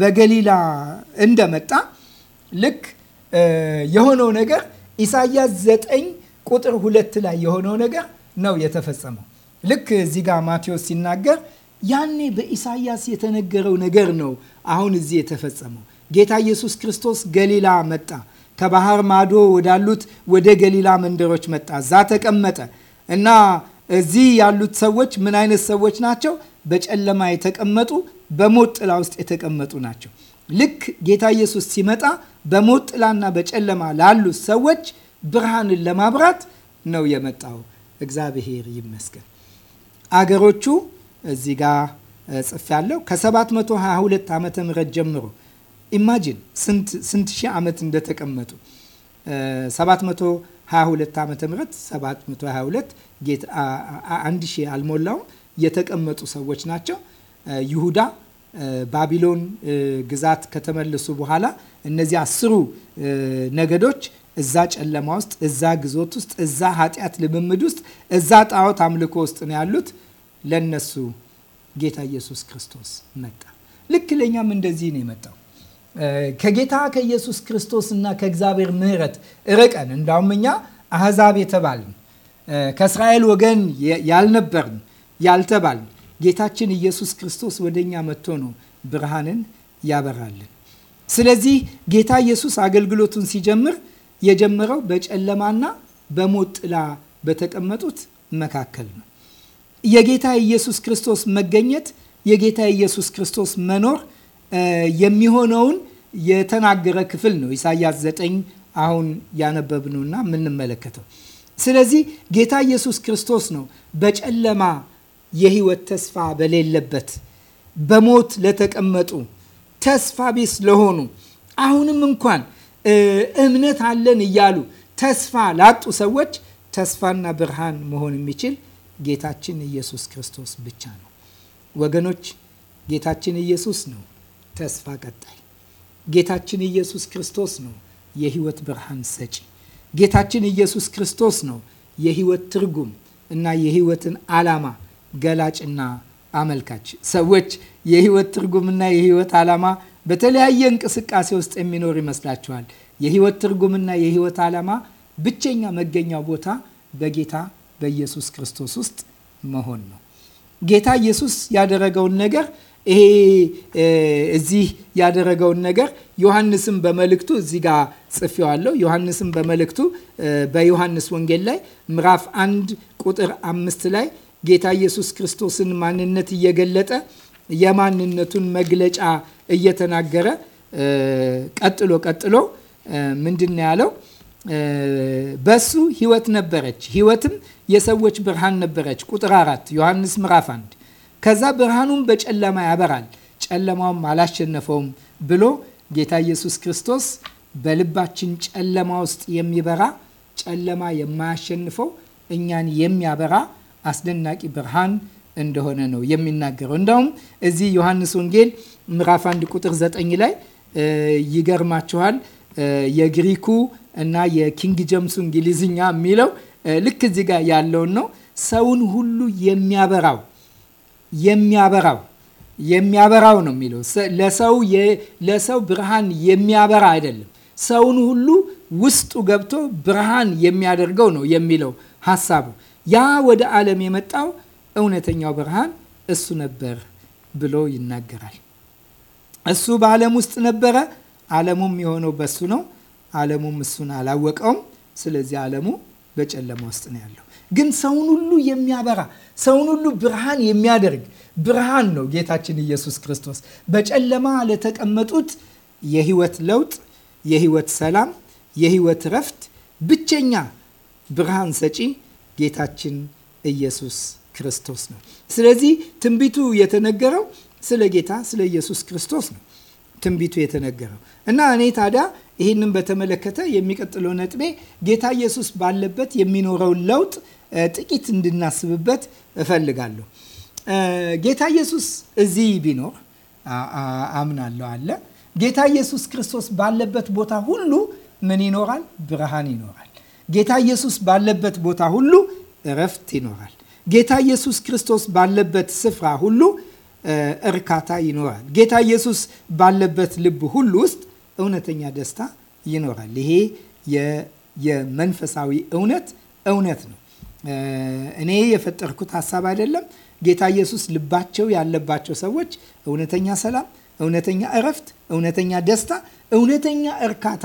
በገሊላ እንደመጣ ልክ የሆነው ነገር ኢሳያስ ዘጠኝ ቁጥር ሁለት ላይ የሆነው ነገር ነው የተፈጸመው። ልክ እዚህ ጋር ማቴዎስ ሲናገር ያኔ በኢሳያስ የተነገረው ነገር ነው አሁን እዚህ የተፈጸመው። ጌታ ኢየሱስ ክርስቶስ ገሊላ መጣ። ከባህር ማዶ ወዳሉት ወደ ገሊላ መንደሮች መጣ። እዛ ተቀመጠ እና እዚህ ያሉት ሰዎች ምን አይነት ሰዎች ናቸው? በጨለማ የተቀመጡ በሞት ጥላ ውስጥ የተቀመጡ ናቸው። ልክ ጌታ ኢየሱስ ሲመጣ በሞት ጥላና በጨለማ ላሉት ሰዎች ብርሃንን ለማብራት ነው የመጣው። እግዚአብሔር ይመስገን። አገሮቹ እዚህ ጋር ጽፌያለሁ ከ722 ዓመተ ምህረት ጀምሮ ኢማጂን ስንት ሺህ ዓመት እንደተቀመጡ 722 ዓመተ ምህረት 722 ጌታ አንድ ሺህ አልሞላውም የተቀመጡ ሰዎች ናቸው። ይሁዳ ባቢሎን ግዛት ከተመለሱ በኋላ እነዚህ አስሩ ነገዶች እዛ ጨለማ ውስጥ፣ እዛ ግዞት ውስጥ፣ እዛ ኃጢአት ልምምድ ውስጥ፣ እዛ ጣዖት አምልኮ ውስጥ ነው ያሉት። ለነሱ ጌታ ኢየሱስ ክርስቶስ መጣ። ልክ ለእኛም እንደዚህ ነው የመጣው። ከጌታ ከኢየሱስ ክርስቶስና ከእግዚአብሔር ምሕረት እርቀን እንዳውም እኛ አህዛብ የተባልን ከእስራኤል ወገን ያልነበርን ያልተባልን ጌታችን ኢየሱስ ክርስቶስ ወደ እኛ መጥቶ ነው ብርሃንን ያበራልን። ስለዚህ ጌታ ኢየሱስ አገልግሎቱን ሲጀምር የጀመረው በጨለማና በሞት ጥላ በተቀመጡት መካከል ነው። የጌታ ኢየሱስ ክርስቶስ መገኘት፣ የጌታ ኢየሱስ ክርስቶስ መኖር የሚሆነውን የተናገረ ክፍል ነው። ኢሳያስ ዘጠኝ አሁን ያነበብነውና የምንመለከተው። ስለዚህ ጌታ ኢየሱስ ክርስቶስ ነው በጨለማ የህይወት ተስፋ በሌለበት በሞት ለተቀመጡ ተስፋ ቢስ ለሆኑ አሁንም እንኳን እምነት አለን እያሉ ተስፋ ላጡ ሰዎች ተስፋና ብርሃን መሆን የሚችል ጌታችን ኢየሱስ ክርስቶስ ብቻ ነው። ወገኖች ጌታችን ኢየሱስ ነው ተስፋ ቀጣይ ጌታችን ኢየሱስ ክርስቶስ ነው የህይወት ብርሃን ሰጪ። ጌታችን ኢየሱስ ክርስቶስ ነው የህይወት ትርጉም እና የህይወትን ዓላማ ገላጭና አመልካች። ሰዎች የህይወት ትርጉምና የህይወት ዓላማ በተለያየ እንቅስቃሴ ውስጥ የሚኖር ይመስላችኋል። የህይወት ትርጉምና የህይወት ዓላማ ብቸኛ መገኛው ቦታ በጌታ በኢየሱስ ክርስቶስ ውስጥ መሆን ነው። ጌታ ኢየሱስ ያደረገውን ነገር ይሄ እዚህ ያደረገውን ነገር ዮሐንስም በመልእክቱ እዚህ ጋር ጽፌዋለሁ። ዮሐንስም በመልእክቱ በዮሐንስ ወንጌል ላይ ምዕራፍ አንድ ቁጥር አምስት ላይ ጌታ ኢየሱስ ክርስቶስን ማንነት እየገለጠ የማንነቱን መግለጫ እየተናገረ ቀጥሎ ቀጥሎ ምንድን ነው ያለው? በሱ ህይወት ነበረች፣ ህይወትም የሰዎች ብርሃን ነበረች። ቁጥር አራት ዮሐንስ ምዕራፍ አንድ ከዛ ብርሃኑን በጨለማ ያበራል፣ ጨለማውም አላሸነፈውም ብሎ ጌታ ኢየሱስ ክርስቶስ በልባችን ጨለማ ውስጥ የሚበራ ጨለማ የማያሸንፈው እኛን የሚያበራ አስደናቂ ብርሃን እንደሆነ ነው የሚናገረው። እንዳውም እዚህ ዮሐንስ ወንጌል ምዕራፍ 1 ቁጥር 9 ላይ ይገርማችኋል የግሪኩ እና የኪንግ ጀምሱ እንግሊዝኛ የሚለው ልክ እዚህ ጋር ያለውን ነው። ሰውን ሁሉ የሚያበራው የሚያበራው የሚያበራው ነው የሚለው ለሰው ለሰው ብርሃን የሚያበራ አይደለም፣ ሰውን ሁሉ ውስጡ ገብቶ ብርሃን የሚያደርገው ነው የሚለው ሀሳቡ። ያ ወደ ዓለም የመጣው እውነተኛው ብርሃን እሱ ነበር ብሎ ይናገራል። እሱ በዓለም ውስጥ ነበረ፣ ዓለሙም የሆነው በሱ ነው፣ ዓለሙም እሱን አላወቀውም። ስለዚህ ዓለሙ በጨለማ ውስጥ ነው ያለው። ግን ሰውን ሁሉ የሚያበራ ሰውን ሁሉ ብርሃን የሚያደርግ ብርሃን ነው ጌታችን ኢየሱስ ክርስቶስ። በጨለማ ለተቀመጡት የህይወት ለውጥ፣ የህይወት ሰላም፣ የህይወት ረፍት ብቸኛ ብርሃን ሰጪ ጌታችን ኢየሱስ ክርስቶስ ነው። ስለዚህ ትንቢቱ የተነገረው ስለ ጌታ ስለ ኢየሱስ ክርስቶስ ነው ትንቢቱ የተነገረው እና እኔ ታዲያ ይህንን በተመለከተ የሚቀጥለው ነጥቤ ጌታ ኢየሱስ ባለበት የሚኖረውን ለውጥ ጥቂት እንድናስብበት እፈልጋለሁ። ጌታ ኢየሱስ እዚህ ቢኖር አምናለሁ አለ። ጌታ ኢየሱስ ክርስቶስ ባለበት ቦታ ሁሉ ምን ይኖራል? ብርሃን ይኖራል። ጌታ ኢየሱስ ባለበት ቦታ ሁሉ እረፍት ይኖራል። ጌታ ኢየሱስ ክርስቶስ ባለበት ስፍራ ሁሉ እርካታ ይኖራል። ጌታ ኢየሱስ ባለበት ልብ ሁሉ ውስጥ እውነተኛ ደስታ ይኖራል። ይሄ የመንፈሳዊ እውነት እውነት ነው። እኔ የፈጠርኩት ሀሳብ አይደለም። ጌታ ኢየሱስ ልባቸው ያለባቸው ሰዎች እውነተኛ ሰላም፣ እውነተኛ እረፍት፣ እውነተኛ ደስታ፣ እውነተኛ እርካታ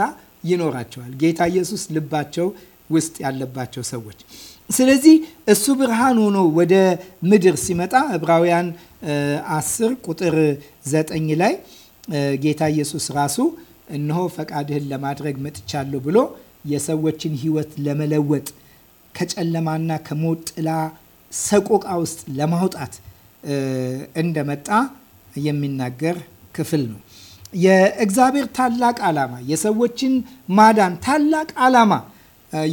ይኖራቸዋል። ጌታ ኢየሱስ ልባቸው ውስጥ ያለባቸው ሰዎች ስለዚህ እሱ ብርሃን ሆኖ ወደ ምድር ሲመጣ ዕብራውያን 10 ቁጥር 9 ላይ ጌታ ኢየሱስ ራሱ እነሆ ፈቃድህን ለማድረግ መጥቻለሁ ብሎ የሰዎችን ሕይወት ለመለወጥ ከጨለማና ከሞት ጥላ ሰቆቃ ውስጥ ለማውጣት እንደመጣ የሚናገር ክፍል ነው። የእግዚአብሔር ታላቅ ዓላማ የሰዎችን ማዳን ታላቅ ዓላማ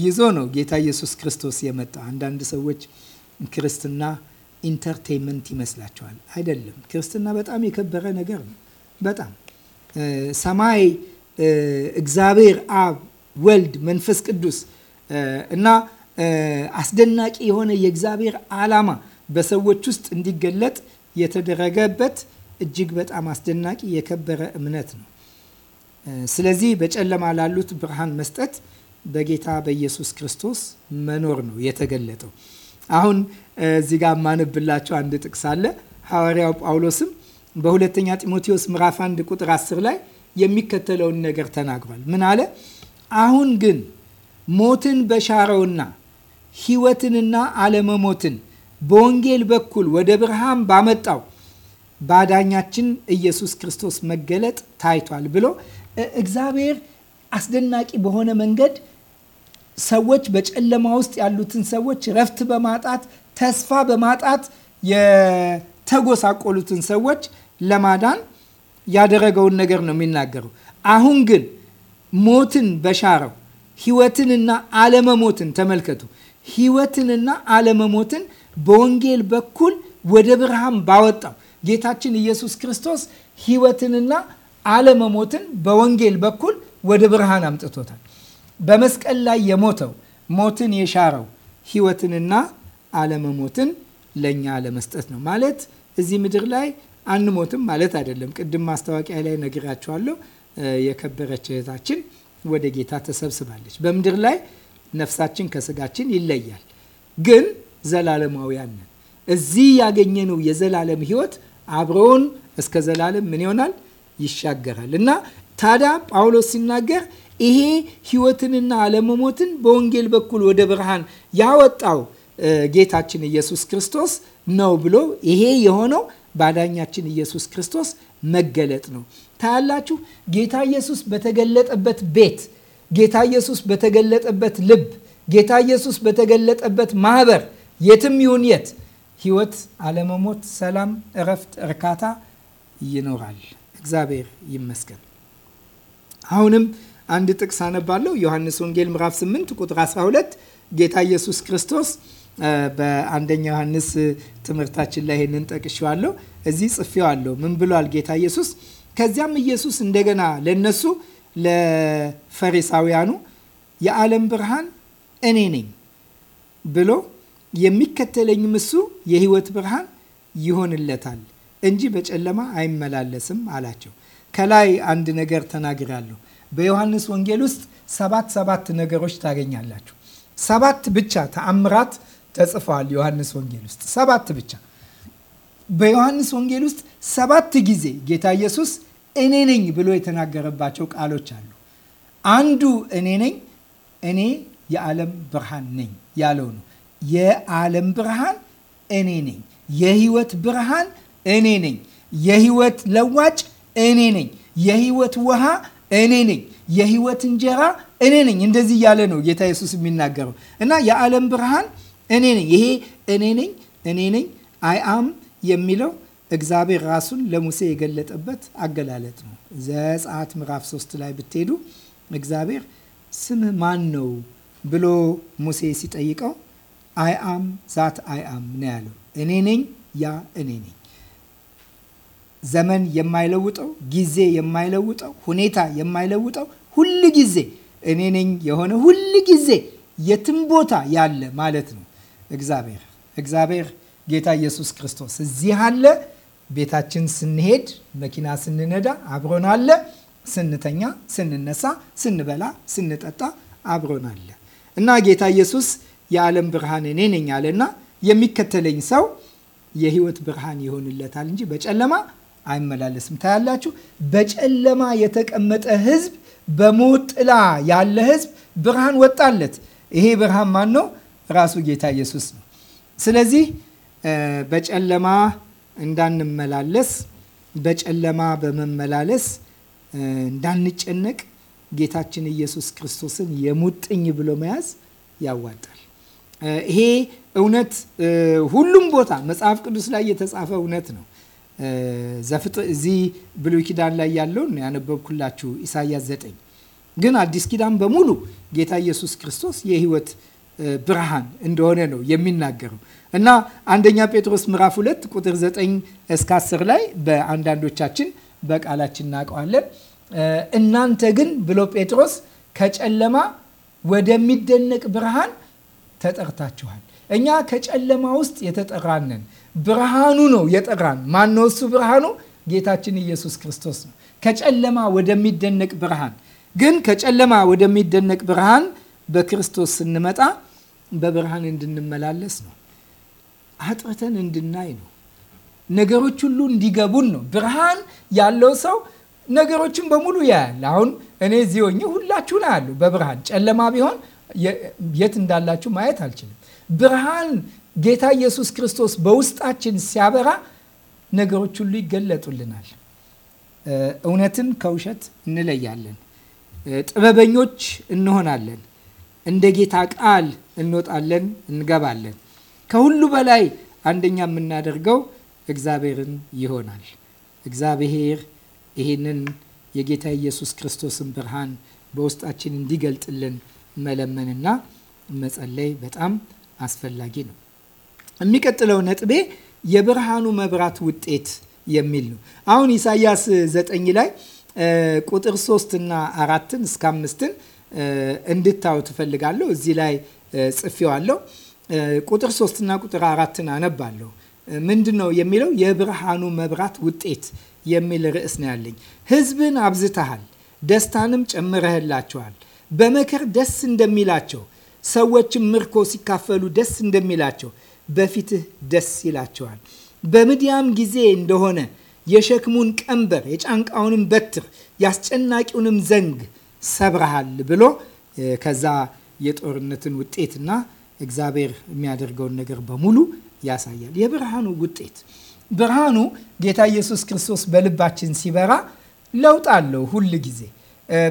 ይዞ ነው ጌታ ኢየሱስ ክርስቶስ የመጣ። አንዳንድ ሰዎች ክርስትና ኢንተርቴንመንት ይመስላቸዋል። አይደለም። ክርስትና በጣም የከበረ ነገር ነው። በጣም ሰማይ እግዚአብሔር አብ፣ ወልድ፣ መንፈስ ቅዱስ እና አስደናቂ የሆነ የእግዚአብሔር ዓላማ በሰዎች ውስጥ እንዲገለጥ የተደረገበት እጅግ በጣም አስደናቂ የከበረ እምነት ነው። ስለዚህ በጨለማ ላሉት ብርሃን መስጠት በጌታ በኢየሱስ ክርስቶስ መኖር ነው የተገለጠው። አሁን እዚህ ጋር ማነብላቸው አንድ ጥቅስ አለ። ሐዋርያው ጳውሎስም በሁለተኛ ጢሞቴዎስ ምዕራፍ 1 ቁጥር 10 ላይ የሚከተለውን ነገር ተናግሯል። ምን አለ? አሁን ግን ሞትን በሻረውና ሕይወትንና አለመሞትን በወንጌል በኩል ወደ ብርሃን ባመጣው ባዳኛችን ኢየሱስ ክርስቶስ መገለጥ ታይቷል ብሎ እግዚአብሔር አስደናቂ በሆነ መንገድ ሰዎች በጨለማ ውስጥ ያሉትን ሰዎች ረፍት በማጣት ተስፋ በማጣት የተጎሳቆሉትን ሰዎች ለማዳን ያደረገውን ነገር ነው የሚናገረው። አሁን ግን ሞትን በሻረው ሕይወትንና አለመሞትን ተመልከቱ። ህይወትንና አለመሞትን በወንጌል በኩል ወደ ብርሃን ባወጣው ጌታችን ኢየሱስ ክርስቶስ ህይወትንና አለመሞትን በወንጌል በኩል ወደ ብርሃን አምጥቶታል። በመስቀል ላይ የሞተው ሞትን የሻረው ህይወትንና አለመሞትን ለእኛ ለመስጠት ነው። ማለት እዚህ ምድር ላይ አንሞትም ማለት አይደለም። ቅድም ማስታወቂያ ላይ ነግራችኋለሁ። የከበረች እህታችን ወደ ጌታ ተሰብስባለች። በምድር ላይ ነፍሳችን ከስጋችን ይለያል፣ ግን ዘላለማውያን ነን። እዚህ ያገኘነው የዘላለም ህይወት አብሮን እስከ ዘላለም ምን ይሆናል? ይሻገራል። እና ታዲያ ጳውሎስ ሲናገር ይሄ ህይወትንና አለመሞትን በወንጌል በኩል ወደ ብርሃን ያወጣው ጌታችን ኢየሱስ ክርስቶስ ነው ብሎ ይሄ የሆነው ባዳኛችን ኢየሱስ ክርስቶስ መገለጥ ነው። ታያላችሁ ጌታ ኢየሱስ በተገለጠበት ቤት ጌታ ኢየሱስ በተገለጠበት ልብ፣ ጌታ ኢየሱስ በተገለጠበት ማህበር፣ የትም ይሁን የት ህይወት፣ አለመሞት፣ ሰላም፣ እረፍት፣ እርካታ ይኖራል። እግዚአብሔር ይመስገን። አሁንም አንድ ጥቅስ አነባለሁ። ዮሐንስ ወንጌል ምዕራፍ 8 ቁጥር 12 ጌታ ኢየሱስ ክርስቶስ በአንደኛ ዮሐንስ ትምህርታችን ላይ ይህንን ጠቅሼዋለሁ። እዚህ ጽፌዋለሁ። ምን ብሏል ጌታ ኢየሱስ? ከዚያም ኢየሱስ እንደገና ለነሱ ለፈሪሳውያኑ የዓለም ብርሃን እኔ ነኝ ብሎ የሚከተለኝም እሱ የህይወት ብርሃን ይሆንለታል እንጂ በጨለማ አይመላለስም አላቸው። ከላይ አንድ ነገር ተናግራለሁ። በዮሐንስ ወንጌል ውስጥ ሰባት ሰባት ነገሮች ታገኛላችሁ። ሰባት ብቻ ተአምራት ተጽፈዋል። ዮሐንስ ወንጌል ውስጥ ሰባት ብቻ። በዮሐንስ ወንጌል ውስጥ ሰባት ጊዜ ጌታ ኢየሱስ እኔ ነኝ ብሎ የተናገረባቸው ቃሎች አሉ። አንዱ እኔ ነኝ እኔ የዓለም ብርሃን ነኝ ያለው ነው። የዓለም ብርሃን እኔ ነኝ፣ የህይወት ብርሃን እኔ ነኝ፣ የህይወት ለዋጭ እኔ ነኝ፣ የህይወት ውሃ እኔ ነኝ፣ የህይወት እንጀራ እኔ ነኝ። እንደዚህ እያለ ነው ጌታ ኢየሱስ የሚናገረው እና የዓለም ብርሃን እኔ ነኝ። ይሄ እኔ ነኝ እኔ ነኝ አይ አም የሚለው እግዚአብሔር ራሱን ለሙሴ የገለጠበት አገላለጥ ነው። ዘጸአት ምዕራፍ ሶስት ላይ ብትሄዱ እግዚአብሔር ስም ማን ነው ብሎ ሙሴ ሲጠይቀው አይአም ዛት አይአም ነው ያለው። እኔ ነኝ ያ እኔ ነኝ። ዘመን የማይለውጠው፣ ጊዜ የማይለውጠው፣ ሁኔታ የማይለውጠው ሁል ጊዜ እኔ ነኝ የሆነ ሁል ጊዜ የትም ቦታ ያለ ማለት ነው። እግዚአብሔር እግዚአብሔር ጌታ ኢየሱስ ክርስቶስ እዚህ አለ ቤታችን ስንሄድ፣ መኪና ስንነዳ አብሮን አለ። ስንተኛ፣ ስንነሳ፣ ስንበላ፣ ስንጠጣ አብሮን አለ እና ጌታ ኢየሱስ የዓለም ብርሃን እኔ ነኝ አለና የሚከተለኝ ሰው የህይወት ብርሃን ይሆንለታል እንጂ በጨለማ አይመላለስም። ታያላችሁ፣ በጨለማ የተቀመጠ ህዝብ በሞት ጥላ ያለ ህዝብ ብርሃን ወጣለት። ይሄ ብርሃን ማን ነው? ራሱ ጌታ ኢየሱስ ነው። ስለዚህ በጨለማ እንዳንመላለስ በጨለማ በመመላለስ እንዳንጨነቅ ጌታችን ኢየሱስ ክርስቶስን የሙጥኝ ብሎ መያዝ ያዋጣል። ይሄ እውነት ሁሉም ቦታ መጽሐፍ ቅዱስ ላይ የተጻፈ እውነት ነው። ዘፍጥ እዚህ ብሉይ ኪዳን ላይ ያለውን ያነበብኩላችሁ ኢሳያስ ዘጠኝ ግን አዲስ ኪዳን በሙሉ ጌታ ኢየሱስ ክርስቶስ የህይወት ብርሃን እንደሆነ ነው የሚናገረው። እና አንደኛ ጴጥሮስ ምዕራፍ 2 ቁጥር 9 እስከ 10 ላይ በአንዳንዶቻችን በቃላችን እናውቀዋለን። እናንተ ግን ብሎ ጴጥሮስ ከጨለማ ወደሚደነቅ ብርሃን ተጠርታችኋል። እኛ ከጨለማ ውስጥ የተጠራንን ብርሃኑ ነው የጠራን። ነው እሱ ብርሃኑ? ጌታችን ኢየሱስ ክርስቶስ ነው። ከጨለማ ወደሚደነቅ ብርሃን ግን ከጨለማ ወደሚደነቅ ብርሃን በክርስቶስ ስንመጣ በብርሃን እንድንመላለስ ነው። አጥርተን እንድናይ ነው። ነገሮች ሁሉ እንዲገቡን ነው። ብርሃን ያለው ሰው ነገሮችን በሙሉ ያያል። አሁን እኔ እዚህ ሆኜ ሁላችሁን ያሉ በብርሃን። ጨለማ ቢሆን የት እንዳላችሁ ማየት አልችልም። ብርሃን ጌታ ኢየሱስ ክርስቶስ በውስጣችን ሲያበራ ነገሮች ሁሉ ይገለጡልናል። እውነትን ከውሸት እንለያለን። ጥበበኞች እንሆናለን። እንደ ጌታ ቃል እንወጣለን፣ እንገባለን። ከሁሉ በላይ አንደኛ የምናደርገው እግዚአብሔርን ይሆናል። እግዚአብሔር ይህንን የጌታ ኢየሱስ ክርስቶስን ብርሃን በውስጣችን እንዲገልጥልን መለመንና መጸለይ በጣም አስፈላጊ ነው። የሚቀጥለው ነጥቤ የብርሃኑ መብራት ውጤት የሚል ነው። አሁን ኢሳያስ ዘጠኝ ላይ ቁጥር ሶስት እና አራትን እስከ አምስትን እንድታዩ ትፈልጋለሁ። እዚህ ላይ ጽፌዋለሁ። ቁጥር ሶስትና ቁጥር አራትን አነባለሁ። ምንድን ነው የሚለው? የብርሃኑ መብራት ውጤት የሚል ርዕስ ነው ያለኝ። ህዝብን አብዝተሃል፣ ደስታንም ጨምረህላቸዋል። በመከር ደስ እንደሚላቸው ሰዎችም ምርኮ ሲካፈሉ ደስ እንደሚላቸው በፊትህ ደስ ይላቸዋል። በምድያም ጊዜ እንደሆነ የሸክሙን ቀንበር የጫንቃውንም በትር የአስጨናቂውንም ዘንግ ሰብረሃል ብሎ ከዛ የጦርነትን ውጤትና እግዚአብሔር የሚያደርገውን ነገር በሙሉ ያሳያል። የብርሃኑ ውጤት ብርሃኑ ጌታ ኢየሱስ ክርስቶስ በልባችን ሲበራ ለውጥ አለው ሁል ጊዜ።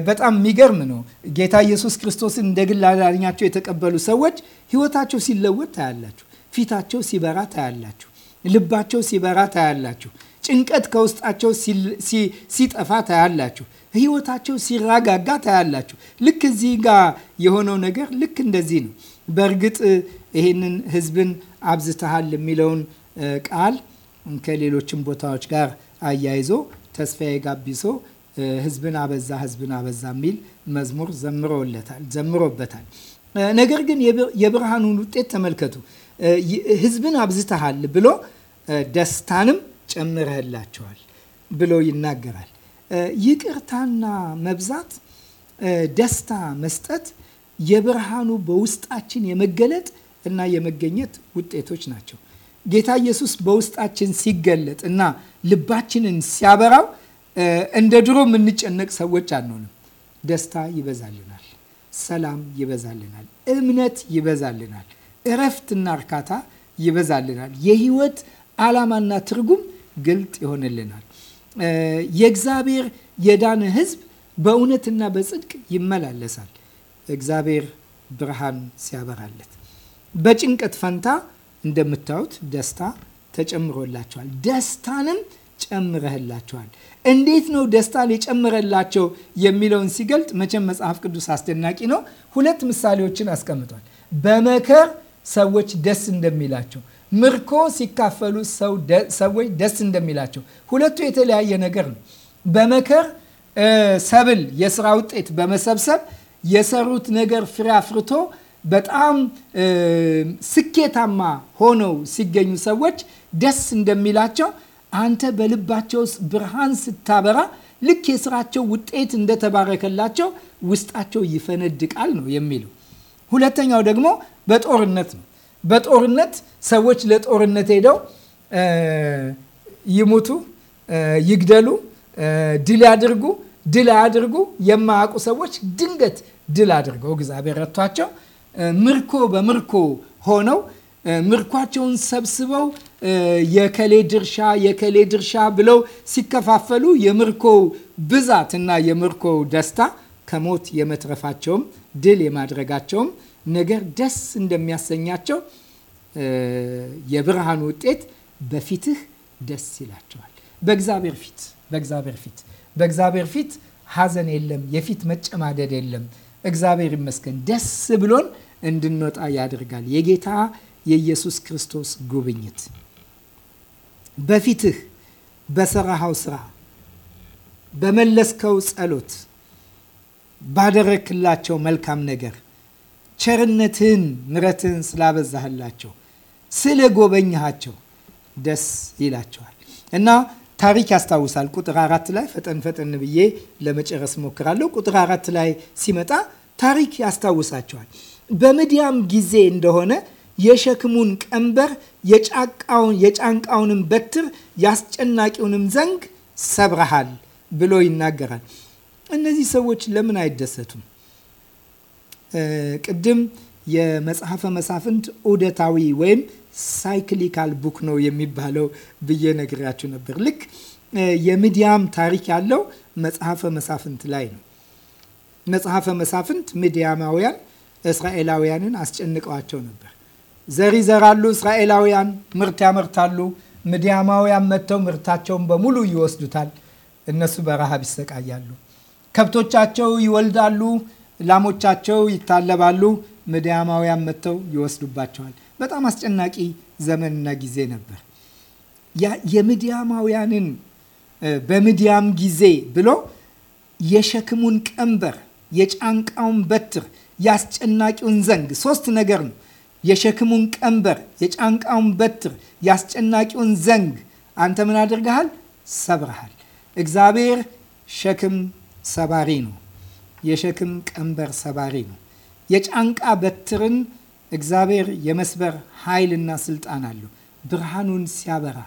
በጣም የሚገርም ነው። ጌታ ኢየሱስ ክርስቶስን እንደ ግል አዳኛቸው የተቀበሉ ሰዎች ሕይወታቸው ሲለወጥ ታያላችሁ። ፊታቸው ሲበራ ታያላችሁ። ልባቸው ሲበራ ታያላችሁ። ጭንቀት ከውስጣቸው ሲጠፋ ታያላችሁ። ሕይወታቸው ሲረጋጋ ታያላችሁ። ልክ እዚህ ጋር የሆነው ነገር ልክ እንደዚህ ነው። በእርግጥ ይህንን ህዝብን አብዝተሃል የሚለውን ቃል ከሌሎችም ቦታዎች ጋር አያይዞ ተስፋዬ ጋቢሶ ህዝብን አበዛ ህዝብን አበዛ የሚል መዝሙር ዘምሮለታል ዘምሮበታል። ነገር ግን የብርሃኑን ውጤት ተመልከቱ። ህዝብን አብዝተሃል ብሎ ደስታንም ጨምረህላቸዋል ብሎ ይናገራል። ይቅርታና መብዛት፣ ደስታ መስጠት የብርሃኑ በውስጣችን የመገለጥ እና የመገኘት ውጤቶች ናቸው። ጌታ ኢየሱስ በውስጣችን ሲገለጥ እና ልባችንን ሲያበራው እንደ ድሮ የምንጨነቅ ሰዎች አንሆንም። ደስታ ይበዛልናል፣ ሰላም ይበዛልናል፣ እምነት ይበዛልናል፣ እረፍትና እርካታ ይበዛልናል። የህይወት ዓላማና ትርጉም ግልጥ ይሆንልናል። የእግዚአብሔር የዳነ ህዝብ በእውነትና በጽድቅ ይመላለሳል። እግዚአብሔር ብርሃን ሲያበራለት በጭንቀት ፈንታ እንደምታዩት ደስታ ተጨምሮላቸዋል። ደስታንም ጨምረህላቸዋል። እንዴት ነው ደስታን የጨመረላቸው የሚለውን ሲገልጥ መቼም መጽሐፍ ቅዱስ አስደናቂ ነው። ሁለት ምሳሌዎችን አስቀምጧል። በመከር ሰዎች ደስ እንደሚላቸው፣ ምርኮ ሲካፈሉ ሰዎች ደስ እንደሚላቸው፣ ሁለቱ የተለያየ ነገር ነው። በመከር ሰብል የስራ ውጤት በመሰብሰብ የሰሩት ነገር ፍሬ አፍርቶ በጣም ስኬታማ ሆነው ሲገኙ ሰዎች ደስ እንደሚላቸው አንተ በልባቸው ውስጥ ብርሃን ስታበራ ልክ የስራቸው ውጤት እንደተባረከላቸው ውስጣቸው ይፈነድቃል ነው የሚለው። ሁለተኛው ደግሞ በጦርነት ነው። በጦርነት ሰዎች ለጦርነት ሄደው ይሙቱ፣ ይግደሉ፣ ድል ያድርጉ፣ ድል አያድርጉ የማያውቁ ሰዎች ድንገት ድል አድርገው እግዚአብሔር ረቷቸው ምርኮ በምርኮ ሆነው ምርኳቸውን ሰብስበው የከሌ ድርሻ የከሌ ድርሻ ብለው ሲከፋፈሉ የምርኮ ብዛት እና ደስታ ከሞት የመትረፋቸውም ድል የማድረጋቸውም ነገር ደስ እንደሚያሰኛቸው የብርሃን ውጤት በፊትህ ደስ ይላቸዋል። በእግዚአብሔር ፊት በእግዚአብሔር ፊት በእግዚአብሔር ፊት ሐዘን የለም፣ የፊት መጨማደድ የለም። እግዚአብሔር ይመስገን ደስ ብሎን እንድንወጣ ያደርጋል። የጌታ የኢየሱስ ክርስቶስ ጉብኝት በፊትህ በሰራሃው ስራ፣ በመለስከው ጸሎት፣ ባደረክላቸው መልካም ነገር ቸርነትህን፣ ምረትህን ስላበዛህላቸው ስለ ጎበኘሃቸው ደስ ይላቸዋል እና ታሪክ ያስታውሳል። ቁጥር አራት ላይ ፈጠን ፈጠን ብዬ ለመጨረስ ሞክራለሁ። ቁጥር አራት ላይ ሲመጣ ታሪክ ያስታውሳቸዋል። በምድያም ጊዜ እንደሆነ የሸክሙን ቀንበር የጫንቃውንም በትር የአስጨናቂውንም ዘንግ ሰብረሃል ብሎ ይናገራል። እነዚህ ሰዎች ለምን አይደሰቱም? ቅድም የመጽሐፈ መሳፍንት ዑደታዊ ወይም ሳይክሊካል ቡክ ነው የሚባለው ብዬ ነግራችሁ ነበር። ልክ የምድያም ታሪክ ያለው መጽሐፈ መሳፍንት ላይ ነው። መጽሐፈ መሳፍንት ምድያማውያን እስራኤላውያንን አስጨንቀዋቸው ነበር። ዘር ይዘራሉ፣ እስራኤላውያን ምርት ያመርታሉ። ምድያማውያን መጥተው ምርታቸውን በሙሉ ይወስዱታል። እነሱ በረሃብ ይሰቃያሉ። ከብቶቻቸው ይወልዳሉ፣ ላሞቻቸው ይታለባሉ። ምድያማውያን መጥተው ይወስዱባቸዋል። በጣም አስጨናቂ ዘመንና ጊዜ ነበር። የምድያማውያንን በምድያም ጊዜ ብሎ የሸክሙን ቀንበር የጫንቃውን በትር፣ የአስጨናቂውን ዘንግ ሶስት ነገር ነው። የሸክሙን ቀንበር፣ የጫንቃውን በትር፣ የአስጨናቂውን ዘንግ አንተ ምን አድርገሃል? ሰብረሃል። እግዚአብሔር ሸክም ሰባሪ ነው። የሸክም ቀንበር ሰባሪ ነው። የጫንቃ በትርን እግዚአብሔር የመስበር ኃይልና ስልጣን አለው። ብርሃኑን ሲያበራ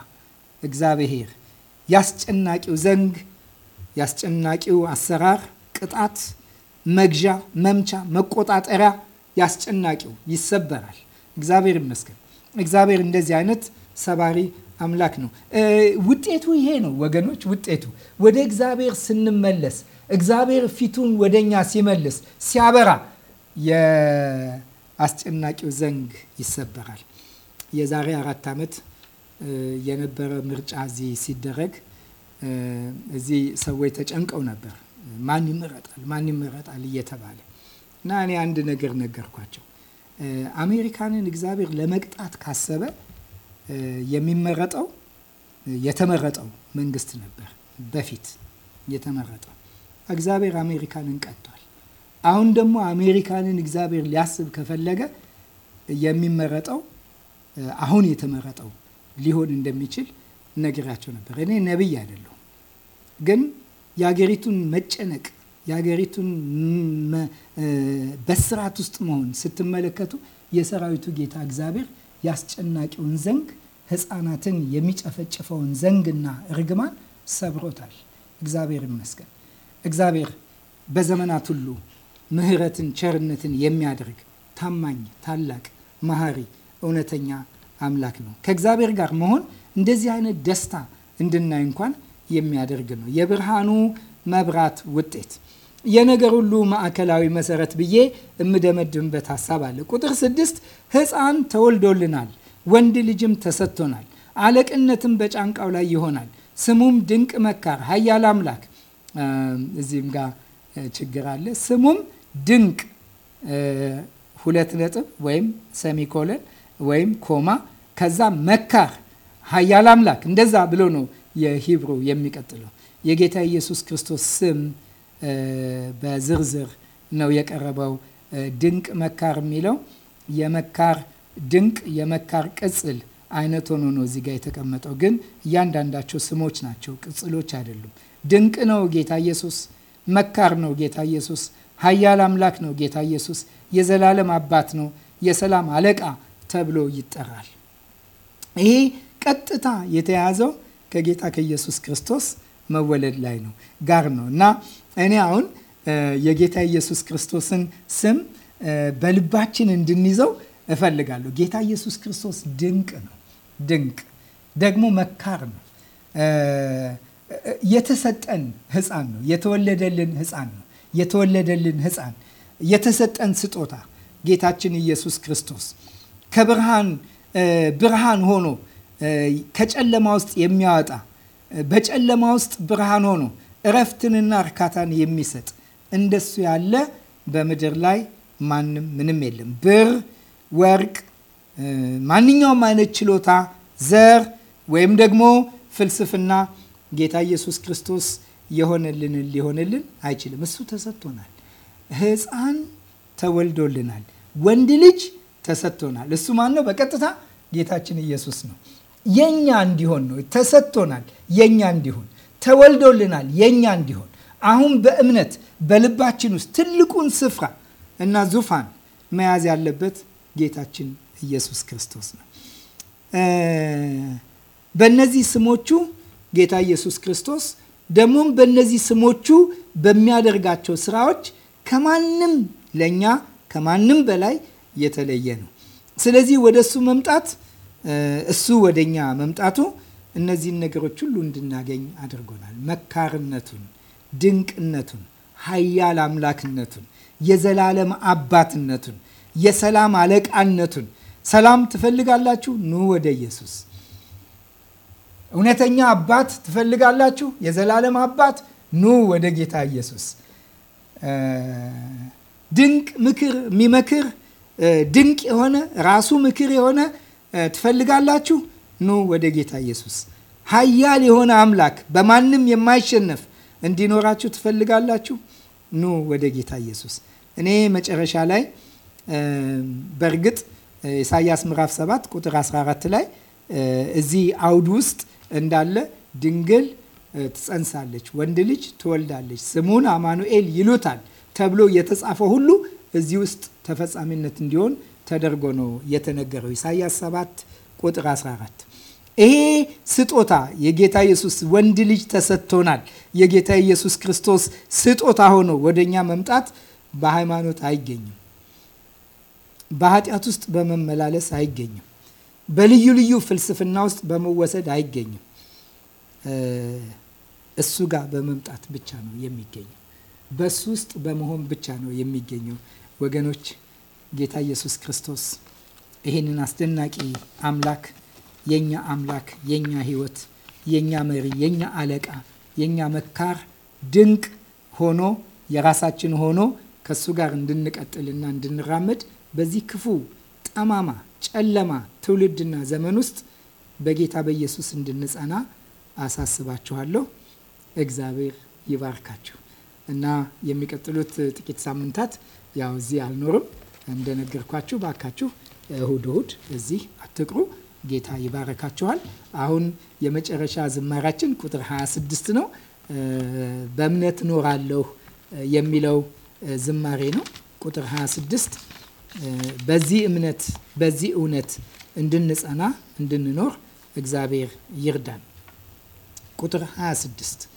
እግዚአብሔር ያስጨናቂው ዘንግ ያስጨናቂው አሰራር ቅጣት መግዣ፣ መምቻ፣ መቆጣጠሪያ ያስጨናቂው ይሰበራል። እግዚአብሔር ይመስገን። እግዚአብሔር እንደዚህ አይነት ሰባሪ አምላክ ነው። ውጤቱ ይሄ ነው ወገኖች። ውጤቱ ወደ እግዚአብሔር ስንመለስ፣ እግዚአብሔር ፊቱን ወደኛ ሲመልስ፣ ሲያበራ የአስጨናቂው ዘንግ ይሰበራል። የዛሬ አራት ዓመት የነበረ ምርጫ እዚህ ሲደረግ እዚህ ሰዎች ተጨንቀው ነበር። ማን ይመረጣል፣ ማን ይመረጣል እየተባለ እና እኔ አንድ ነገር ነገርኳቸው። አሜሪካንን እግዚአብሔር ለመቅጣት ካሰበ የሚመረጠው የተመረጠው መንግስት ነበር። በፊት የተመረጠው እግዚአብሔር አሜሪካንን ቀጥቷል። አሁን ደግሞ አሜሪካንን እግዚአብሔር ሊያስብ ከፈለገ የሚመረጠው አሁን የተመረጠው ሊሆን እንደሚችል ነግራቸው ነበር። እኔ ነቢይ አይደለሁም ግን የአገሪቱን መጨነቅ የአገሪቱን በስርዓት ውስጥ መሆን ስትመለከቱ የሰራዊቱ ጌታ እግዚአብሔር የአስጨናቂውን ዘንግ ህፃናትን የሚጨፈጭፈውን ዘንግና እርግማን ሰብሮታል። እግዚአብሔር ይመስገን። እግዚአብሔር በዘመናት ሁሉ ምህረትን ቸርነትን የሚያደርግ ታማኝ፣ ታላቅ፣ መሐሪ፣ እውነተኛ አምላክ ነው። ከእግዚአብሔር ጋር መሆን እንደዚህ አይነት ደስታ እንድናይ እንኳን የሚያደርግ ነው። የብርሃኑ መብራት ውጤት የነገር ሁሉ ማዕከላዊ መሰረት ብዬ የምደመድምበት ሀሳብ አለ። ቁጥር ስድስት ሕፃን ተወልዶልናል፣ ወንድ ልጅም ተሰጥቶናል፣ አለቅነትም በጫንቃው ላይ ይሆናል፣ ስሙም ድንቅ መካር፣ ኃያል አምላክ። እዚህም ጋር ችግር አለ። ስሙም ድንቅ ሁለት ነጥብ ወይም ሰሚኮለን ወይም ኮማ ከዛ መካር ኃያል አምላክ እንደዛ ብሎ ነው የሂብሩ የሚቀጥለው የጌታ ኢየሱስ ክርስቶስ ስም በዝርዝር ነው የቀረበው። ድንቅ መካር የሚለው የመካር ድንቅ የመካር ቅጽል አይነት ሆኖ ነው እዚህ ጋር የተቀመጠው። ግን እያንዳንዳቸው ስሞች ናቸው፣ ቅጽሎች አይደሉም። ድንቅ ነው ጌታ ኢየሱስ፣ መካር ነው ጌታ ኢየሱስ፣ ኃያል አምላክ ነው ጌታ ኢየሱስ፣ የዘላለም አባት ነው፣ የሰላም አለቃ ተብሎ ይጠራል። ይሄ ቀጥታ የተያዘው ከጌታ ከኢየሱስ ክርስቶስ መወለድ ላይ ነው ጋር ነው እና እኔ አሁን የጌታ ኢየሱስ ክርስቶስን ስም በልባችን እንድንይዘው እፈልጋለሁ። ጌታ ኢየሱስ ክርስቶስ ድንቅ ነው። ድንቅ ደግሞ መካር ነው። የተሰጠን ሕፃን ነው። የተወለደልን ሕፃን ነው። የተወለደልን ሕፃን የተሰጠን ስጦታ ጌታችን ኢየሱስ ክርስቶስ ከብርሃን ብርሃን ሆኖ ከጨለማ ውስጥ የሚያወጣ በጨለማ ውስጥ ብርሃን ሆኖ እረፍትንና እርካታን የሚሰጥ እንደሱ ያለ በምድር ላይ ማንም ምንም የለም። ብር፣ ወርቅ፣ ማንኛውም አይነት ችሎታ፣ ዘር ወይም ደግሞ ፍልስፍና ጌታ ኢየሱስ ክርስቶስ የሆነልን ሊሆንልን አይችልም። እሱ ተሰጥቶናል። ሕፃን ተወልዶልናል። ወንድ ልጅ ተሰጥቶናል። እሱ ማን ነው? በቀጥታ ጌታችን ኢየሱስ ነው። የኛ እንዲሆን ነው። ተሰጥቶናል፣ የኛ እንዲሆን ተወልዶልናል፣ የኛ እንዲሆን አሁን በእምነት በልባችን ውስጥ ትልቁን ስፍራ እና ዙፋን መያዝ ያለበት ጌታችን ኢየሱስ ክርስቶስ ነው። በእነዚህ ስሞቹ ጌታ ኢየሱስ ክርስቶስ ደግሞም በእነዚህ ስሞቹ በሚያደርጋቸው ስራዎች ከማንም ለእኛ ከማንም በላይ የተለየ ነው። ስለዚህ ወደ እሱ መምጣት እሱ ወደ እኛ መምጣቱ እነዚህን ነገሮች ሁሉ እንድናገኝ አድርጎናል። መካርነቱን፣ ድንቅነቱን፣ ኃያል አምላክነቱን፣ የዘላለም አባትነቱን፣ የሰላም አለቃነቱን። ሰላም ትፈልጋላችሁ? ኑ ወደ ኢየሱስ። እውነተኛ አባት ትፈልጋላችሁ? የዘላለም አባት ኑ ወደ ጌታ ኢየሱስ። ድንቅ ምክር የሚመክር ድንቅ የሆነ ራሱ ምክር የሆነ ትፈልጋላችሁ? ኑ ወደ ጌታ ኢየሱስ። ኃያል የሆነ አምላክ በማንም የማይሸነፍ እንዲኖራችሁ ትፈልጋላችሁ? ኑ ወደ ጌታ ኢየሱስ። እኔ መጨረሻ ላይ በእርግጥ ኢሳያስ ምዕራፍ 7 ቁጥር 14 ላይ እዚህ አውድ ውስጥ እንዳለ ድንግል ትጸንሳለች፣ ወንድ ልጅ ትወልዳለች፣ ስሙን አማኑኤል ይሉታል ተብሎ የተጻፈ ሁሉ እዚህ ውስጥ ተፈጻሚነት እንዲሆን ተደርጎ ነው የተነገረው። ኢሳያስ 7 ቁጥር 14 ይሄ ስጦታ የጌታ ኢየሱስ ወንድ ልጅ ተሰጥቶናል። የጌታ ኢየሱስ ክርስቶስ ስጦታ ሆኖ ወደ እኛ መምጣት በሃይማኖት አይገኝም። በኃጢአት ውስጥ በመመላለስ አይገኝም። በልዩ ልዩ ፍልስፍና ውስጥ በመወሰድ አይገኝም። እሱ ጋር በመምጣት ብቻ ነው የሚገኘው። በሱ ውስጥ በመሆን ብቻ ነው የሚገኘው ወገኖች ጌታ ኢየሱስ ክርስቶስ ይህንን አስደናቂ አምላክ የኛ አምላክ የኛ ህይወት የኛ መሪ የኛ አለቃ የኛ መካር ድንቅ ሆኖ የራሳችን ሆኖ ከእሱ ጋር እንድንቀጥልና እንድንራመድ በዚህ ክፉ ጠማማ ጨለማ ትውልድና ዘመን ውስጥ በጌታ በኢየሱስ እንድንጸና አሳስባችኋለሁ። እግዚአብሔር ይባርካችሁ እና የሚቀጥሉት ጥቂት ሳምንታት ያው እዚህ አልኖርም እንደነገርኳችሁ ባካችሁ እሁድ እሁድ እዚህ አትቅሩ። ጌታ ይባረካችኋል። አሁን የመጨረሻ ዝማሪያችን ቁጥር 26 ነው። በእምነት ኖራለሁ የሚለው ዝማሬ ነው። ቁጥር 26 በዚህ እምነት በዚህ እውነት እንድንጸና እንድንኖር እግዚአብሔር ይርዳን። ቁጥር 26